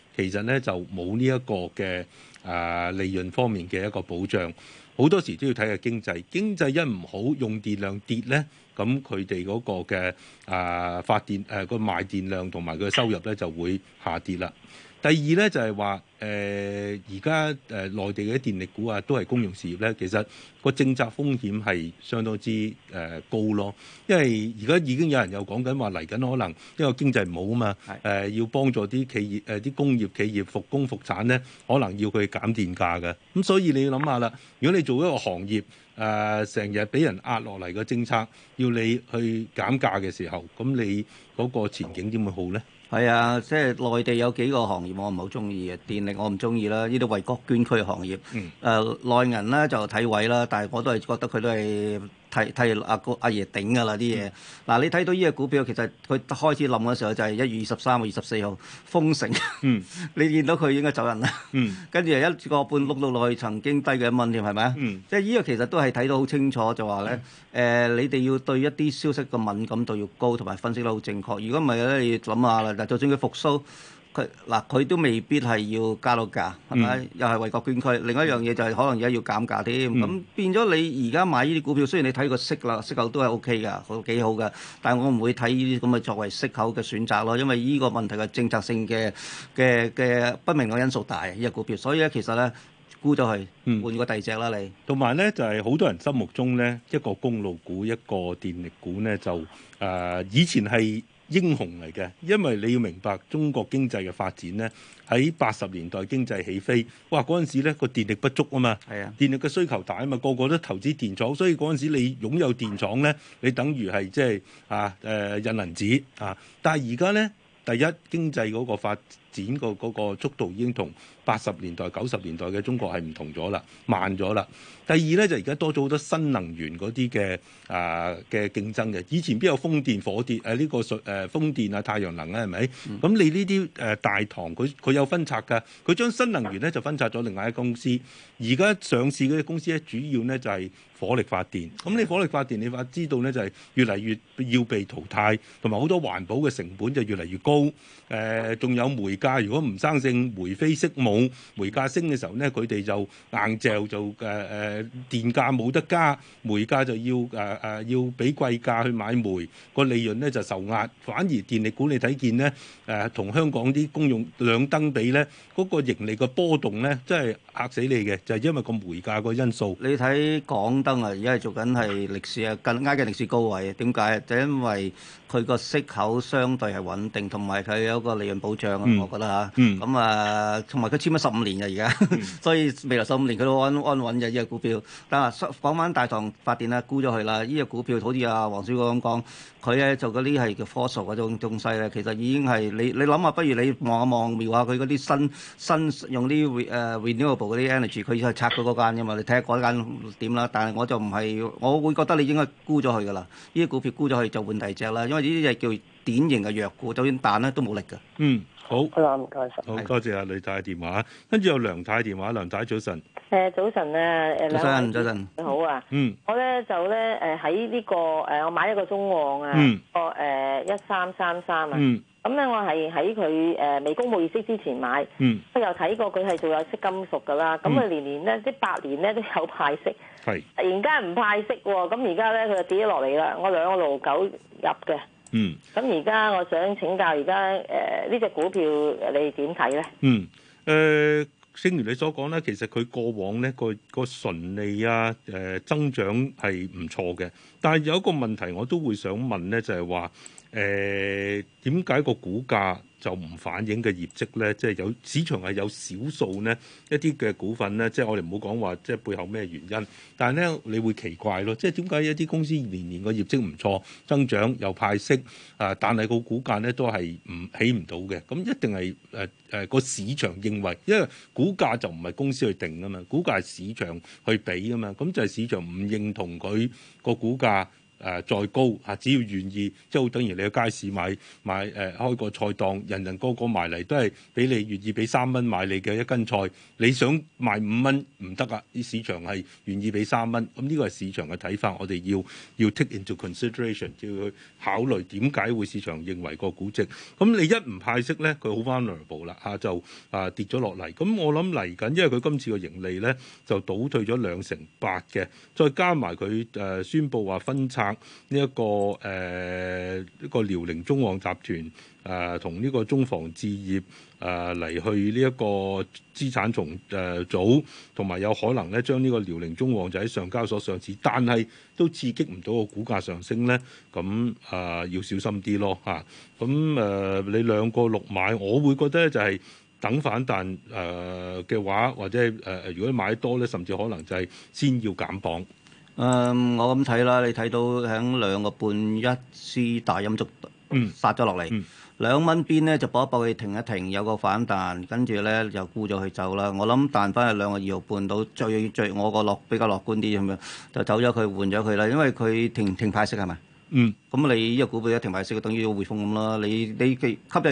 其實咧就冇呢一個嘅誒利潤方面嘅一個保障，好多時都要睇下經濟。經濟一唔好，用電量跌咧，咁佢哋嗰個嘅誒發電誒個、啊、賣電量同埋佢嘅收入咧就會下跌啦。第二咧就係、是、話，誒而家誒內地嘅電力股啊，都係公用事業咧，其實個政策風險係相當之誒、呃、高咯。因為而家已經有人又講緊話嚟緊，可能因為經濟唔好嘛，誒的、呃、要幫助啲企業誒啲、呃、工業企業復工復產咧，可能要佢減電價嘅。咁所以你要諗下啦，如果你做一個行業誒，成日俾人壓落嚟嘅政策，要你去減價嘅時候，咁你嗰個前景點會好咧？係啊，即係內地有幾個行業我唔係好中意嘅，電力我唔中意啦，呢啲為國捐軀行業。誒、嗯呃、內銀咧就睇位啦，但係我都係覺得佢都係。替替阿哥阿爺頂㗎啦啲嘢，嗱、嗯啊、你睇到呢個股票，其實佢開始冧嘅時候就係一月二十三號、二十四號封城，嗯， 你見到佢應該走人啦，嗯，跟住一個半碌到落去曾經低過一蚊添係咪啊？嗯，即係呢個其實都係睇到好清楚，就話咧，誒、嗯呃、你哋要對一啲消息嘅敏感度要高，同埋分析得好正確。如果唔係咧，你要諗下啦。但就算佢復甦。佢嗱，佢都未必係要加到價，係咪？嗯、又係為國捐軀。另一樣嘢就係可能而家要減價添。咁、嗯、變咗你而家買呢啲股票，雖然你睇個息率息口都係 O K 噶，好幾好嘅。但係我唔會睇呢啲咁嘅作為息口嘅選擇咯，因為呢個問題嘅政策性嘅嘅嘅不明嘅因素大，呢、這、隻、個、股票。所以咧，其實咧沽咗佢，換個第二隻啦，你。同埋咧，就係、是、好多人心目中咧，一個公路股、一個電力股咧，就誒、呃、以前係。英雄嚟嘅，因為你要明白中國經濟嘅發展咧，喺八十年代經濟起飛，哇嗰陣時咧，個電力不足啊嘛，電力嘅需求大啊嘛，個個都投資電廠，所以嗰陣時你擁有電廠咧，你等於係即係啊誒、呃、印銀紙啊，但係而家咧第一，經濟嗰個發發展個嗰個速度已經同八十年代九十年代嘅中國係唔同咗啦，慢咗啦。第二咧就而家多咗好多新能源嗰啲嘅啊嘅競爭嘅。以前邊有風電火電？誒、啊、呢、這個誒、啊、風電啊太陽能啊，係咪？咁、嗯、你呢啲誒大唐，佢佢有分拆㗎，佢將新能源咧就分拆咗另外一公司。而家上市嗰啲公司咧主要咧就係、是、火力發電。咁你火力發電，你話知道咧就係、是、越嚟越要被淘汰，同埋好多環保嘅成本就越嚟越高。誒、呃、仲有煤價如果唔生性，煤飛色舞，煤價升嘅時候咧，佢哋就硬嚼就誒誒電價冇得加，煤價就要誒誒要俾貴價去買煤，個利潤咧就受壓。反而電力股你睇見咧誒，同香港啲公用兩燈比咧，嗰個盈利嘅波動咧，真係嚇死你嘅，就係因為個煤價個因素。你睇港燈啊，而家係做緊係歷史啊，更加嘅歷史高位啊，點解？就因為。佢個息口相對係穩定，同埋佢有，有個利潤保障啊！嗯、我覺得嚇。咁啊，同埋佢簽咗十五年嘅，而家，嗯、 所以未來十五年佢都安安穩嘅呢隻股票。得啊，講翻大唐發電啦，沽咗佢啦，呢、這、隻、個、股票，好似阿黃小哥咁講。佢咧就嗰啲係叫科數嗰種東西咧，其實已經係你你諗下，不如你望一望瞄下佢嗰啲新新用啲誒 renewable 嗰啲 energy，佢去拆佢嗰間啫嘛，你睇下嗰間點啦。但係我就唔係，我會覺得你應該沽咗佢噶啦。呢啲股票沽咗佢就換第二隻啦，因為呢啲就係叫典型嘅弱股，就算彈咧都冇力噶。嗯，好，好啊，唔該曬，好，多謝阿女太嘅電話，跟住是有梁太嘅電話，梁太早晨。誒早晨啊！早晨，早晨，你好啊！嗯，我咧就咧誒喺呢個誒，我買一個中旺啊，個誒一三三三啊，咁咧我係喺佢誒未公佈議息之前買，佢又睇過佢係做有色金屬噶啦，咁佢年年咧啲八年咧都有派息，係突然間唔派息喎，咁而家咧佢就跌咗落嚟啦，我兩個盧九入嘅，嗯，咁而家我想請教而家誒呢隻股票你點睇咧？嗯，誒。正如你所講咧，其實佢過往咧個個純利啊，誒、呃、增長係唔錯嘅，但係有一個問題我都會想問咧，就係、是、話，誒點解個股價就唔反映嘅業績咧？即係有市場係有少數咧一啲嘅股份咧，即係我哋唔好講話即係背後咩原因，但係咧你會奇怪咯。即係點解一啲公司年年個業績唔錯，增長又派息啊、呃，但係個股價咧都係唔起唔到嘅？咁一定係誒誒個市場認為，因為股價就唔係公司去定噶嘛，股價係市場去比噶嘛，咁就係市場唔認同佢個股價。誒再高嚇，只要願意，即係等於你去街市買買誒、呃、開個菜檔，人人個個買嚟都係俾你願意俾三蚊買你嘅一斤菜。你想賣五蚊唔得啊！啲市場係願意俾三蚊，咁、嗯、呢、這個係市場嘅睇法，我哋要要 take into consideration，要去考慮點解會市場認為個估值。咁、嗯、你一唔派息咧，佢好 vulnerable 啦、啊、嚇，就啊跌咗落嚟。咁、嗯、我諗嚟緊，因為佢今次嘅盈利咧就倒退咗兩成八嘅，再加埋佢誒宣布話分拆。呢一、這個誒，呢、呃這個遼寧中旺集團誒、呃，同呢個中房置業誒嚟、呃、去呢一個資產重、呃、組，同埋有,有可能咧，將呢個遼寧中旺就喺上交所上市，但係都刺激唔到個股價上升咧，咁啊、呃、要小心啲咯吓。咁、啊、誒、嗯呃，你兩個六買，我會覺得就係等反彈誒嘅、呃、話，或者係誒、呃，如果買多咧，甚至可能就係先要減磅。誒，um, 我咁睇啦，你睇到喺兩個半一支大陰燭殺咗落嚟，兩蚊邊咧就搏一搏，佢停一停，有個反彈，跟住咧就沽咗佢走啦。我諗彈翻去兩個二毫半到最最，我個樂比較樂觀啲咁樣，就走咗佢換咗佢啦。因為佢停停派息係咪？是是嗯。咁你呢個股票一停埋就等於匯豐咁啦。你你吸引佢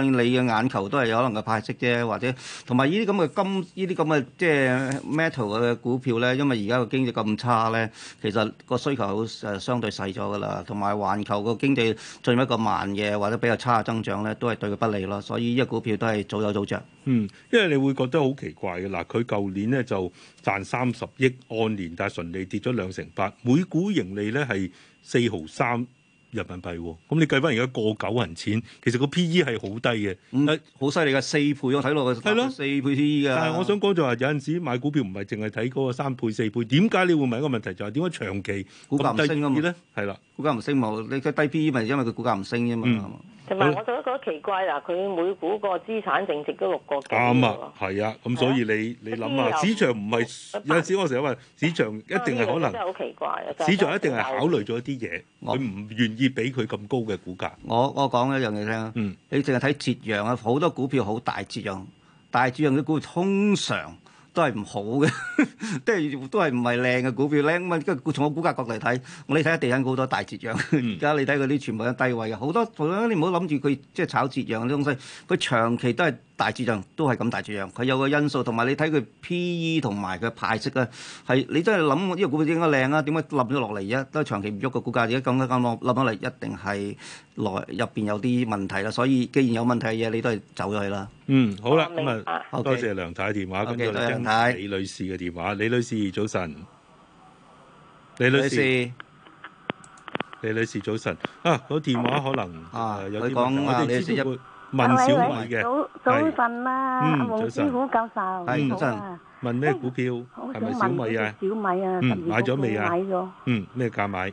吸引你嘅眼球都係有可能嘅派息啫，或者同埋呢啲咁嘅金呢啲咁嘅即係 metal 嘅股票咧，因為而家個經濟咁差咧，其實個需求誒相對細咗噶啦。同埋環球個經濟進一個慢嘅或者比較差嘅增長咧，都係對佢不利咯。所以呢個股票都係早有早着，嗯，因為你會覺得好奇怪嘅嗱，佢舊年咧就賺三十億按年，但係順利跌咗兩成八，每股盈利咧係四毫三。人民幣喎，咁你計翻而家個九銀錢，其實個 P E 係好低嘅，係好犀利嘅，四倍，我睇落去係咯，四倍 P E 嘅。但係我想講就係，有陣時買股票唔係淨係睇嗰個三倍四倍，點解你會問一個問題，就係點解長期股價唔升咁多咧？係啦是，的股價唔升冇，你計低 P E 咪因為佢股價唔升啫嘛。嗯同埋我覺得覺得奇怪啦，佢每股個資產淨值都六個幾喎。啱啊，係啊，咁所以你你諗下，市場唔係有陣時我成日問，市場一定係可能真係好奇怪啊！市場一定係考慮咗啲嘢，佢唔願意俾佢咁高嘅股價。我我講一樣嘢聽啊，你淨係睇折讓啊，好多股票好大折讓，大折讓啲股通常，都係唔好嘅，即係都係唔係靚嘅股票靚。咁啊，從我估價角度嚟睇，你睇下地產股好多大折讓，而家、嗯、你睇嗰啲全部都低位嘅，好多，你唔好諗住佢即係炒折讓嗰啲東西，佢長期都係。大致上都係咁，大致上，佢有個因素，同埋你睇佢 PE 同埋佢派息咧，係你真係諗呢個股票應該靚啊？點解冧咗落嚟而家都長期唔喐個股價，而家咁一咁落冧咗落嚟，一定係內入邊有啲問題啦。所以既然有問題嘅嘢，你都係走咗去啦。嗯，好啦，咁啊，多謝梁太電話，跟住跟李女士嘅電話。李女士早晨，李女士，李女士早晨。啊，個電話可能啊，有啲問題。你講啊，李女士。問小米嘅，是是早早晨啊，阿黃師傅教授早晨，問咩股票係咪是小米啊？小米啊，買咗未啊？買咗嗯，咩價買，買，了、嗯、買？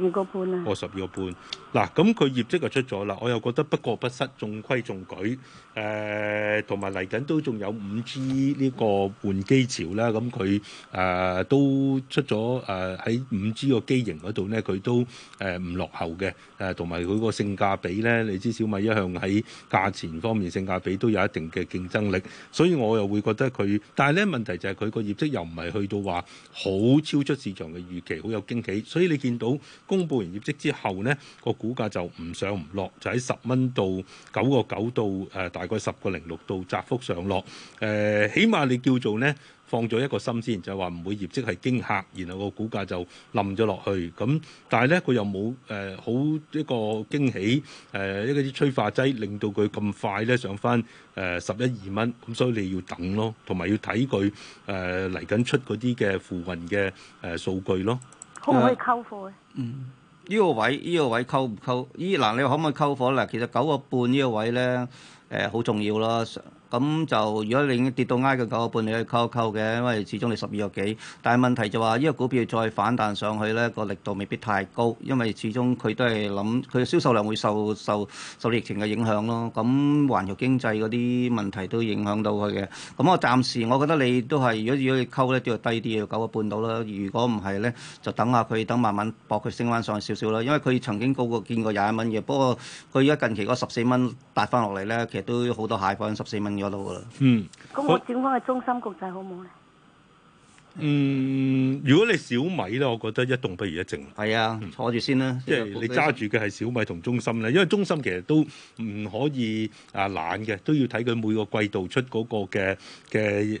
十二個半啊。我、哦、十二個半。嗱，咁佢業績就出咗啦，我又覺得不過不失，中規中矩誒，同埋嚟緊都仲有五 G 呢個換機潮啦。咁佢誒都出咗誒喺五 G 個機型嗰度咧，佢都誒唔、呃、落後嘅。誒、呃，同埋佢個性價比咧，你知小米一向喺價錢方面性價比都有一定嘅競爭力，所以我又會覺得佢。但係咧，問題就係佢個業績又唔係去到話好超出市場嘅預期，好有驚喜。所以你見到公佈完業績之後咧，個股價就唔上唔落，就喺十蚊到九個九到誒，大概十個零六度窄幅上落。誒、呃，起碼你叫做呢，放咗一個心先，就話唔會業績係驚嚇，然後個股價就冧咗落去。咁、嗯、但係呢，佢又冇誒、呃、好一個驚喜，誒、呃、一啲催化劑令到佢咁快呢上翻誒十一二蚊。咁、呃嗯、所以你要等咯，同埋要睇佢誒嚟緊出嗰啲嘅附運嘅誒數據咯。呃、可唔可以溝貨？嗯。呢個位，呢、這個位溝唔溝？依嗱，你可唔可以溝火？嗱？其實九個半呢個位咧，誒、呃、好重要咯。Sir 咁、嗯、就如果你已經跌到挨個九個半，你可以溝一溝嘅，因為始終你十二個幾。但係問題就話、是、呢、這個股票再反彈上去咧，個力度未必太高，因為始終佢都係諗佢嘅銷售量會受受受，受疫情嘅影響咯。咁、嗯、環球經濟嗰啲問題都影響到佢嘅。咁、嗯、我暫時我覺得你都係如果如果要溝咧，都要低啲要九個半到啦。5, 如果唔係咧，就等下佢等慢慢博佢升翻上去少少啦。因為佢曾經高過見過廿一蚊嘅，不過佢而家近期嗰十四蚊跌翻落嚟咧，其實都好多蟹貨十四蚊嘅。嗯，咁我轉翻去中心國際好唔好咧？嗯，如果你小米咧，我覺得一動不如一靜，係啊，坐住先啦。嗯、即係你揸住嘅係小米同中心咧，因為中心其實都唔可以啊懶嘅，都要睇佢每個季度出嗰個嘅嘅誒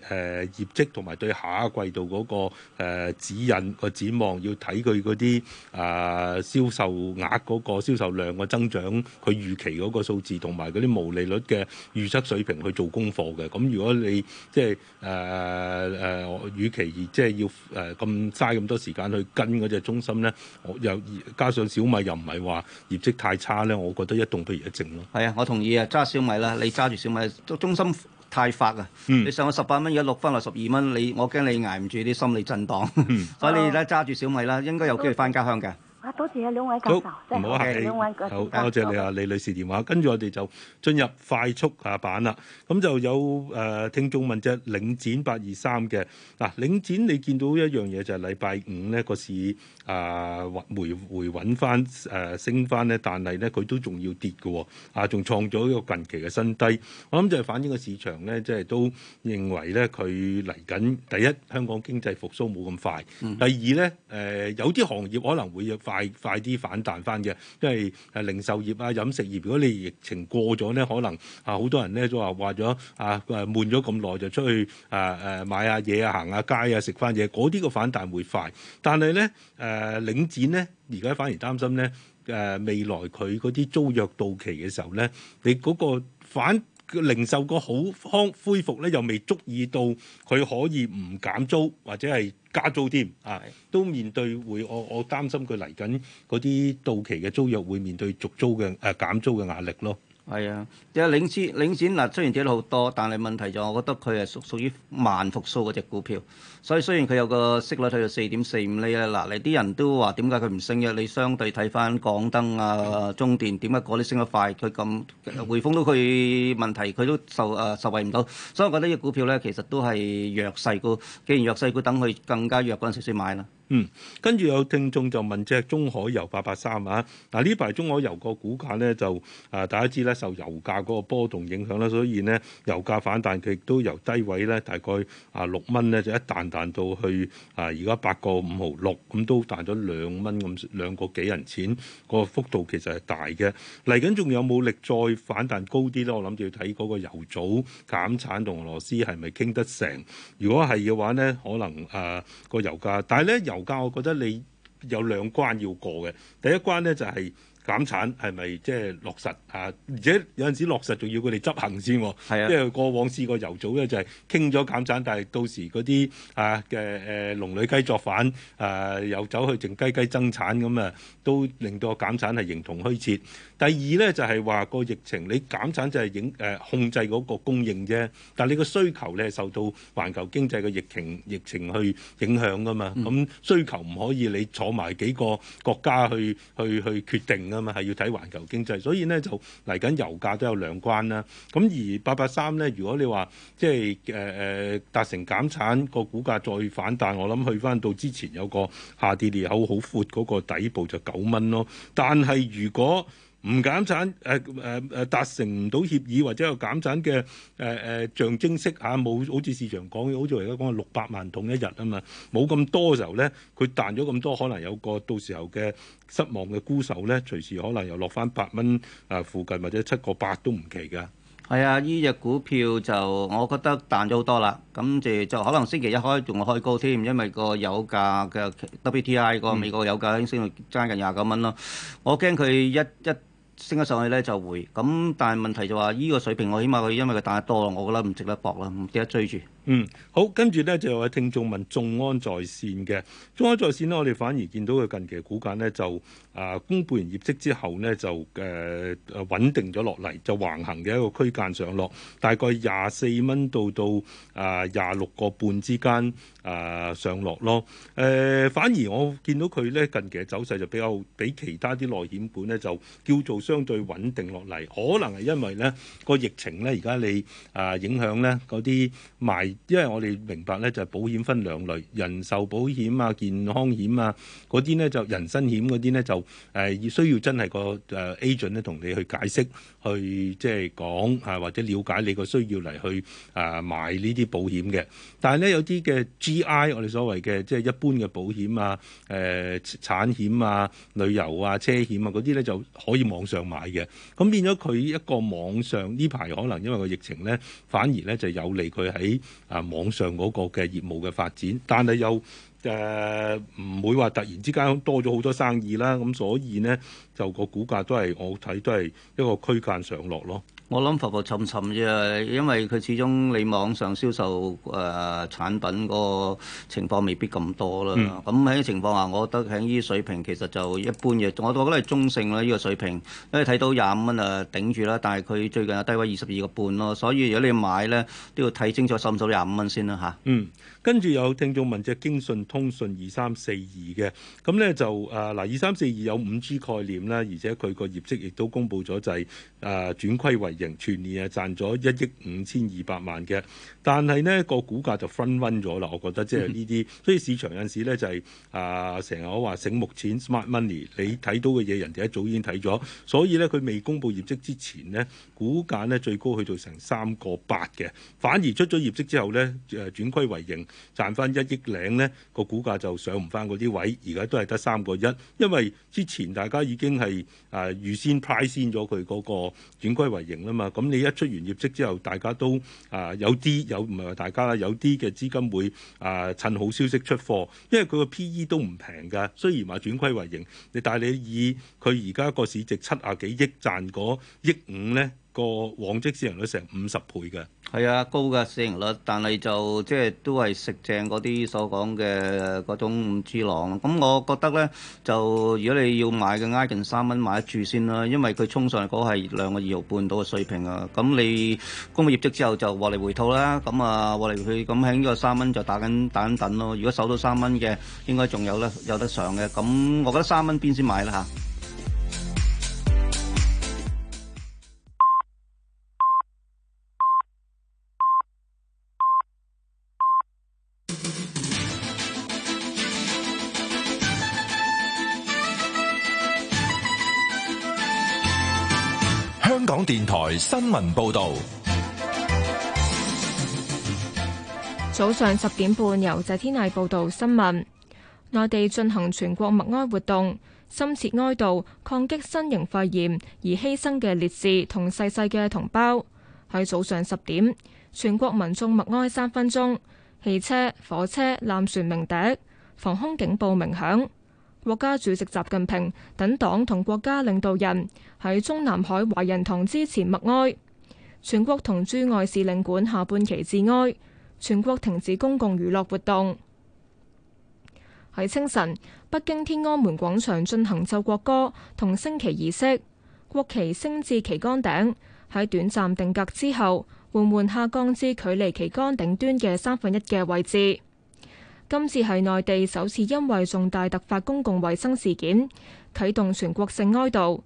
業績同埋對下一季度嗰、嗰個誒、呃、指引個展望，要睇佢嗰啲誒銷售額嗰、嗰個銷售量個增長佢預期嗰個數字，同埋嗰啲毛利率嘅預測水平去做功課嘅。咁如果你即係誒誒，與其二。即係要誒咁嘥咁多時間去跟嗰隻中心咧，我又加上小米又唔係話業績太差咧，我覺得一動不如一靜咯、啊。係啊，我同意啊，揸小米啦，你揸住小米中心太發啊、嗯！你上咗十八蚊而家六分六十二蚊，我你我驚你捱唔住啲心理震盪，嗯、所以咧揸住小米啦，應該有機會翻家鄉嘅。啊，多謝啊兩位教授，唔好客氣。好，好多謝你啊，李、哎、女士電話。跟住我哋就進入快速下板啦。咁就有誒、呃、聽眾問啫，領展八二三嘅嗱，領展你見到一樣嘢就係禮拜五呢個市啊回回穩翻誒、啊、升翻呢，但係呢，佢都仲要跌嘅喎啊，仲創咗一個近期嘅新低。我諗就係反映個市場呢，即係都認為咧佢嚟緊第一香港經濟復甦冇咁快，第二咧誒、呃呃、有啲行業可能會快快啲反彈翻嘅，因為誒零售業啊、飲食業，如果你疫情過咗咧，可能啊好多人咧都話話咗啊誒悶咗咁耐，就出去誒誒買下嘢啊、呃、行下街啊、食翻嘢，嗰啲個反彈會快。但係咧誒領展咧，而家反而擔心咧誒、呃、未來佢嗰啲租約到期嘅時候咧，你嗰個反零售個好康恢復咧，又未足以到佢可以唔減租或者係。加租添啊，都面對會，我我擔心佢嚟緊嗰啲到期嘅租約會面對續租嘅誒、呃、減租嘅壓力咯。係啊，隻領先領先嗱，雖然跌咗好多，但係問題就我覺得佢係屬屬於慢復甦嗰隻股票，所以雖然佢有個息率去到四點四五厘咧，嗱，你啲人都話點解佢唔升嘅？你相對睇返港燈啊、中電點解嗰啲升得快？佢咁匯豐都佢問題，佢都受誒受惠唔到，所以我覺得呢隻股票咧其實都係弱勢股，既然弱勢股等佢更加弱嗰陣時先買啦。嗯，跟住有聽眾就問隻中海油八八三啊，嗱呢排中海油個股價咧就啊大家知咧受油價嗰個波動影響啦，所以呢，油價反彈佢亦都由低位咧大概啊六蚊咧就一彈彈到去啊而家八個五毫六，咁、嗯、都彈咗兩蚊咁兩個幾銀錢、嗰個幅度其實係大嘅，嚟緊仲有冇力再反彈高啲咧？我諗就要睇嗰個油組減產同俄羅斯係咪傾得成？如果係嘅話咧，可能啊個油價，但係咧油。油價，我覺得你有兩關要過嘅。第一關咧就係減產，係咪即係落實啊？而且有陣時落實仲要佢哋執行先，的因為過往試過油組咧就係傾咗減產，但係到時嗰啲啊嘅誒農女雞作反啊，又走去靜雞雞增產咁啊，都令到個減產係形同虛設。第二咧就係話個疫情你減產就係影誒，呃、控制嗰個供應啫，但係你個需求咧受到環球經濟嘅疫情疫情去影響噶嘛，咁、嗯嗯、需求唔可以你坐埋幾個國家去去去，去決定啊嘛，係要睇環球經濟，所以呢，就嚟緊油價都有兩關啦。咁而八八三咧，如果你話即係誒誒達成減產個股價再反彈，我諗去翻到之前有個下跌裂口好闊嗰個底部就九蚊咯，但係如果唔減產誒誒誒達成唔到協議，或者有減產嘅誒誒象徵式嚇，冇、啊、好似市場講，好似而家講六百萬桶一日啊嘛，冇咁多嘅時候咧，佢彈咗咁多，可能有個到時候嘅失望嘅沽手咧，隨時可能又落翻八蚊啊附近或者七個八都唔奇㗎。係啊，呢、這、隻、個、股票就我覺得彈咗好多啦，咁就就可能星期一開仲開高添，因為個油價嘅 WTI 個美國油價升到爭近廿九蚊咯，嗯、我驚佢一一。一升咗上去咧就會咁，但係問題就話、是、依、這個水平，我起碼佢因為佢打得多，我覺得唔值得搏啦，唔值得追住。嗯，好，跟住咧就有位聽眾問眾安在線嘅眾安、安在線呢？我哋反而見到佢近期嘅股價呢，就啊，公布完業績之後呢，就誒誒穩定咗落嚟，就橫行嘅一個區間上落，大概廿四蚊到到啊廿六個半之間啊、呃、上落咯。誒、呃，反而我見到佢咧近期嘅走勢就比較比其他啲內險本咧就叫做相對穩定落嚟，可能係因為咧、個疫情咧而家你啊、呃、影響咧嗰啲賣，因為我哋明白咧就係、是、保險分兩類，人壽保險啊、健康險啊嗰啲咧就人身險嗰啲咧就誒要、呃、需要真係、個誒、呃、agent 咧同你去解釋。去即係講啊，或者了解你個需要嚟去啊買呢啲保險嘅。但係咧有啲嘅 GI，我哋所謂嘅即係一般嘅保險啊、誒、呃、產險啊、旅遊啊、車險啊嗰啲咧就可以網上買嘅。咁變咗佢一個網上呢排可能因為個疫情咧，反而咧就有利佢喺啊網上嗰個嘅業務嘅發展，但係又。誒唔、呃、會話突然之間多咗好多生意啦，咁所以呢，就個股價都係我睇都係一個區間上落咯。我諗浮浮沉沉啫，因為佢始終你網上銷售誒、呃、產品個情況未必咁多啦。咁喺、嗯、情況下，我覺得喺呢啲水平其實就一般嘅，我覺得係中性啦。呢個水平因為睇到廿五蚊呀頂住啦，但係佢最近有低位二十二個半咯，所以如果你買呢，都要睇清楚收唔收廿五蚊先啦嚇。啊、嗯。跟住有聽眾問隻京信通訊二三四二嘅，咁咧就誒嗱，二三四二有五 G 概念啦，而且佢個業績亦都公布咗，就是，就係誒轉虧為盈，全年啊賺咗一億五千二百萬嘅，但係呢個股價就 front run 咗啦，我覺得即係呢啲，所以市場有時咧就係誒成日我話醒目錢 smart money，你睇到嘅嘢人哋一早已經睇咗，所以咧佢未公布業績之前呢，股價咧最高去到成三個八嘅，反而出咗業績之後咧誒轉虧為盈。賺翻一億零咧，個股價就上唔翻嗰啲位，而家都係得三個一，因為之前大家已經係啊、呃、預先 price 先咗佢嗰個轉虧為盈啦嘛，咁你一出完業績之後，大家都啊、呃、有啲有唔係話大家啦，有啲嘅資金會啊、呃、趁好消息出貨，因為佢個 PE 都唔平㗎，雖然話轉虧為盈，你但係你以佢而家個市值七啊幾億賺嗰億五咧，個往績市盈率成五十倍嘅。係啊，高嘅市盈率，但係就即係都係食正嗰啲所講嘅嗰種五 G 浪咯。咁我覺得咧，就如果你要買嘅，挨近三蚊買得住先啦，因為佢衝上嚟嗰係兩個二毫半度嘅水平啊。咁你公布業績之後就獲利回吐啦，咁啊獲嚟回去咁喺呢個三蚊就打緊打緊等咯。如果守到三蚊嘅，應該仲有咧，有得上嘅。咁我覺得三蚊邊先買啦嚇。港電台新聞報道：早上十點半，由謝天麗報道新聞。內地進行全國默哀活動，深切哀悼抗擊新型肺炎而犧牲嘅烈士同逝世嘅同胞。喺早上十點，全國民眾默哀三分鐘，汽車、火車、艦船鳴笛，防空警報鳴響。國家主席習近平等黨同國家領導人喺中南海懷仁堂之前默哀，全國同駐外使領館下半旗致哀，全國停止公共娛樂活動。喺清晨，北京天安門廣場進行奏國歌同升旗儀式，國旗升至旗杆頂，喺短暫定格之後，緩緩下降至距離旗杆頂端嘅三分一嘅位置。今次係內地首次因為重大突發公共衛生事件啟動全國性哀悼。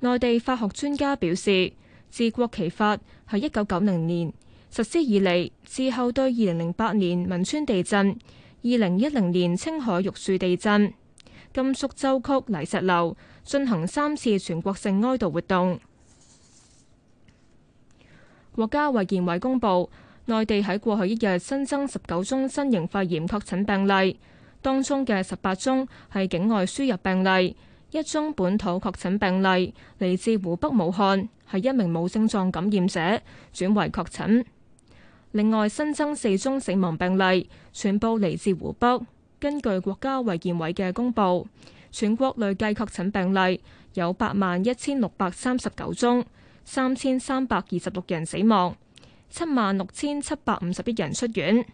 內地法學專家表示，自《國旗法》係一九九零年實施以嚟，之後對二零零八年汶川地震、二零一零年青海玉樹地震、甘肅舟曲泥石流進行三次全國性哀悼活動。國家衛健委公佈。內地喺過去一日新增十九宗新型肺炎確診病例，當中嘅十八宗係境外輸入病例，一宗本土確診病例嚟自湖北武漢，係一名冇症狀感染者轉為確診。另外新增四宗死亡病例，全部嚟自湖北。根據國家衛健委嘅公布，全國累計確診病例有八萬一千六百三十九宗，三千三百二十六人死亡。七萬六千七百五十一人出院。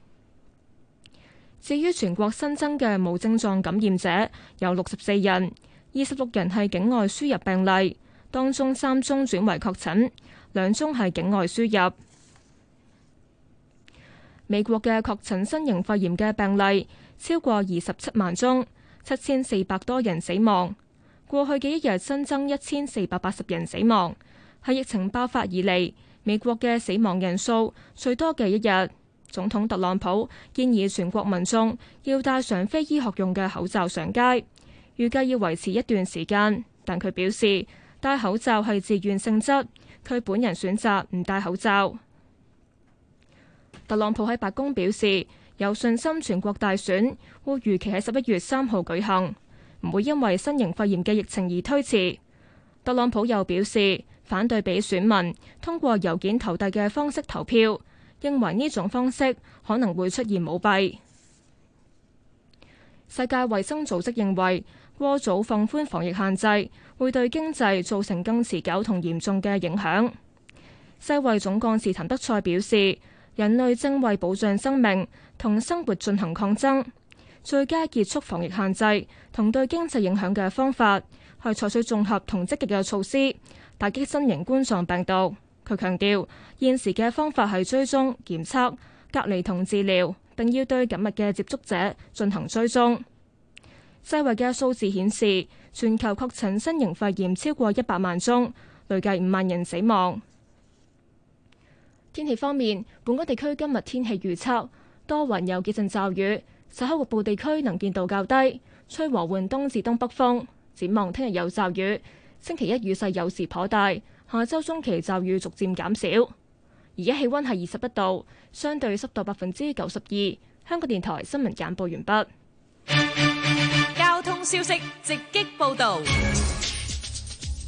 至於全國新增嘅無症狀感染者有六十四人，二十六人係境外輸入病例，當中三宗轉為確診，兩宗係境外輸入。美國嘅確診新型肺炎嘅病例超過二十七萬宗，七千四百多人死亡。過去嘅一日新增一千四百八十人死亡，喺疫情爆發以嚟，美國嘅死亡人數最多嘅一日，總統特朗普建議全國民眾要戴上非醫學用嘅口罩上街，預計要維持一段時間。但佢表示戴口罩係自願性質，佢本人選擇唔戴口罩。特朗普喺白宮表示有信心全國大選會如期喺十一月三號舉行，唔會因為新型肺炎嘅疫情而推遲。特朗普又表示。反對俾選民通過郵件投遞嘅方式投票，認為呢種方式可能會出現舞弊。世界衛生組織認為過早放寬防疫限制會對經濟造成更持久同嚴重嘅影響。世衛總幹事譚德塞表示，人類正為保障生命同生活進行抗爭，最佳結束防疫限制同對經濟影響嘅方法。去採取綜合同積極嘅措施打擊新型冠狀病毒。佢強調，現時嘅方法係追蹤、檢測、隔離同治療，並要對緊密嘅接觸者進行追蹤。世衛嘅數字顯示，全球確診新型肺炎超過一百萬宗，累計五萬人死亡。天氣方面，本港地區今日天氣預測多雲，有幾陣驟雨，稍後局部地區能見度較低，吹和緩東至東北風。展望聽日有驟雨，星期一雨勢有時頗大，下周中期驟雨逐漸減少。而家氣溫係二十一度，相對濕度百分之九十二。香港電台新聞簡報完畢。交通消息直擊報道。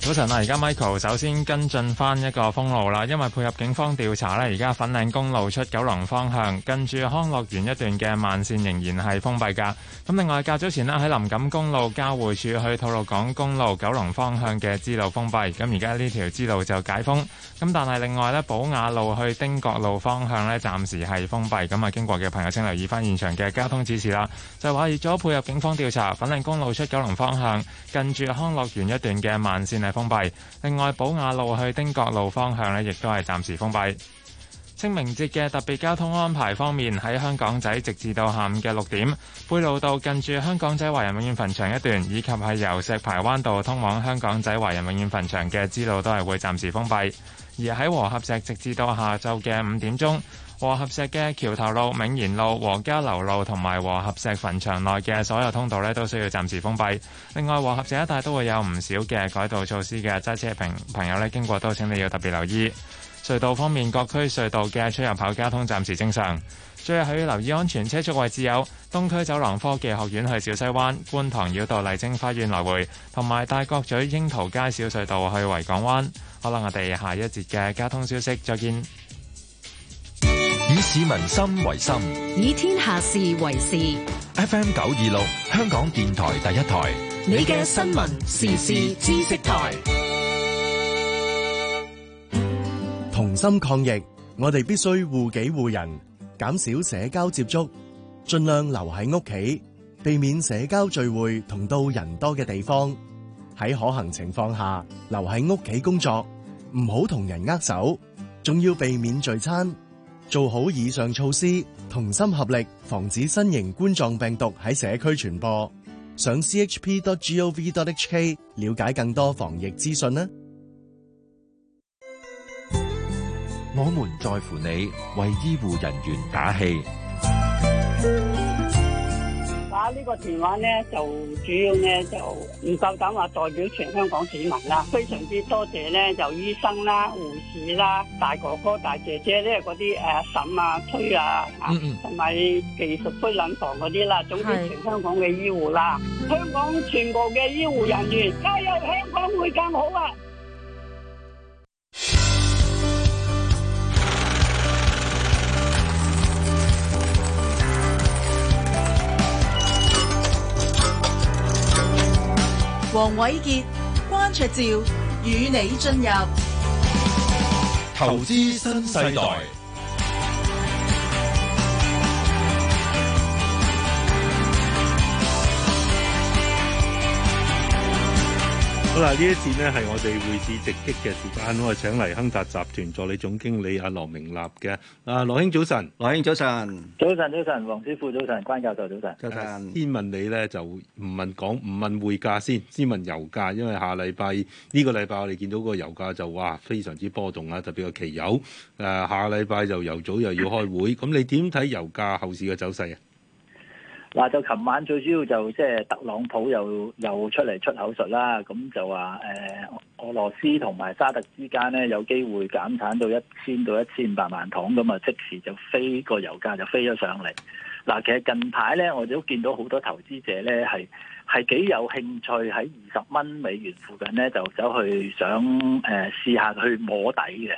早晨啊！而家 Michael 首先跟進翻一個封路啦，因為配合警方調查咧，而家粉嶺公路出九龍方向，近住康樂園一段嘅慢線仍然係封閉噶。咁另外，較早前咧喺林錦公路交匯處去吐露港公路九龍方向嘅支路封閉，咁而家呢條支路就解封。咁但係另外咧，寶雅路去丁角路方向咧，暫時係封閉，咁啊，經過嘅朋友請留意翻現場嘅交通指示啦。就話為咗配合警方調查，粉嶺公路出九龍方向，近住康樂園一段嘅慢線。封閉。另外，寶雅路去丁角路方向咧，亦都係暫時封閉。清明節嘅特別交通安排方面，喺香港仔直至到下午嘅六點，貝路道近住香港仔華人永遠墳場一段，以及係由石排灣道通往香港仔華人永遠墳場嘅支路都係會暫時封閉。而喺和合石，直至到下晝嘅五點鐘。和合石嘅橋頭路、銘賢路、黃家樓路同埋和，和合石墳場內嘅所有通道咧，都需要暫時封閉。另外，和合石一帶都會有唔少嘅改道措施嘅揸車朋朋友咧，經過都請你要特別留意。隧道方面，各區隧道嘅出入口交通暫時正常。最後，要留意安全車速位置有，有東區走廊科技學院去小西灣、觀塘繞道麗晶花園來回，同埋大角咀櫻桃街小隧道去維港灣。好啦，我哋下一節嘅交通消息，再見。以民心為心，以天下事為事。FM 九二六，香港電台第一台，你嘅新聞時事知識台。同心抗疫，我哋必須護己護人，減少社交接觸，盡量留喺屋企，避免社交聚會同到人多嘅地方。喺可行情況下，留喺屋企工作，唔好同人握手，仲要避免聚餐。做好以上措施，同心合力，防止新型冠狀病毒喺社區傳播。上 chp.gov.hk 了解更多防疫資訊啦。 我們在乎你，為醫護人員打氣。呢個電話呢，就主要呢，就唔夠膽話代表全香港市民啦，非常之多謝呢，就醫生啦、護士啦、大哥哥、大姐姐呢，嗰啲誒嬸啊、推啊，同埋、啊啊、技術推冷房嗰啲啦，總之全香港嘅醫護啦，的香港全部嘅醫護人員加油，香港會更好啊！黃瑋傑、關焯照與你進入投資新世代。嗱，好，呢一次呢係我哋會址直擊嘅時間，我請嚟亨達集團助理總經理阿羅明立嘅。阿、啊、羅兄早晨，羅兄早晨，早晨，早晨早晨，黃師傅早晨，關教授早晨。教授晨、啊，先問你呢，就唔問講，唔問匯價先，先問油價，因為下禮拜呢個禮拜我哋見到個油價就哇非常之波動啊，特別個期油。誒、啊，下禮拜就油早又要開會，咁你點睇油價後市嘅走勢啊？嗱，就琴晚最主要就即係特朗普又又出嚟出口術啦，咁就話誒、呃、俄羅斯同埋沙特之間咧有機會減產到一千到一千五百萬桶咁啊，即時就飛個油價就飛咗上嚟。嗱，其實近排咧，我哋都見到好多投資者咧係。係幾有興趣喺二十蚊美元附近呢，就走去想誒試、呃、下去摸底嘅。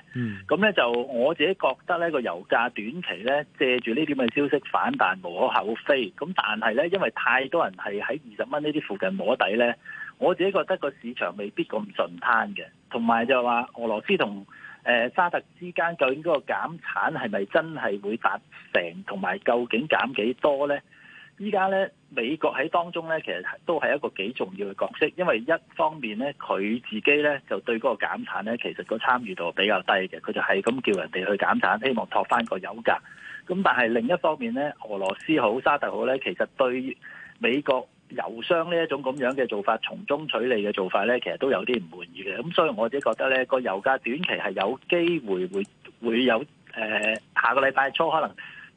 咁呢， 就我自己覺得呢個油價短期呢，借住呢啲咁嘅消息反彈無可厚非。咁但係呢，因為太多人係喺二十蚊呢啲附近摸底呢，我自己覺得個市場未必咁順攤嘅。同埋就話俄羅斯同誒、呃、沙特之間究竟嗰個減產係咪真係會達成，同埋究竟減幾多呢？依家咧，美國喺當中咧，其實都係一個幾重要嘅角色，因為一方面咧，佢自己咧就對嗰個減產咧，其實個參與度比較低嘅，佢就係咁叫人哋去減產，希望托翻個油價。咁但係另一方面咧，俄羅斯好、沙特好咧，其實對美國油商呢一種咁樣嘅做法，從中取利嘅做法咧，其實都有啲唔滿意嘅。咁所以我自己覺得咧，個油價短期係有機會會會有誒、呃、下個禮拜初可能。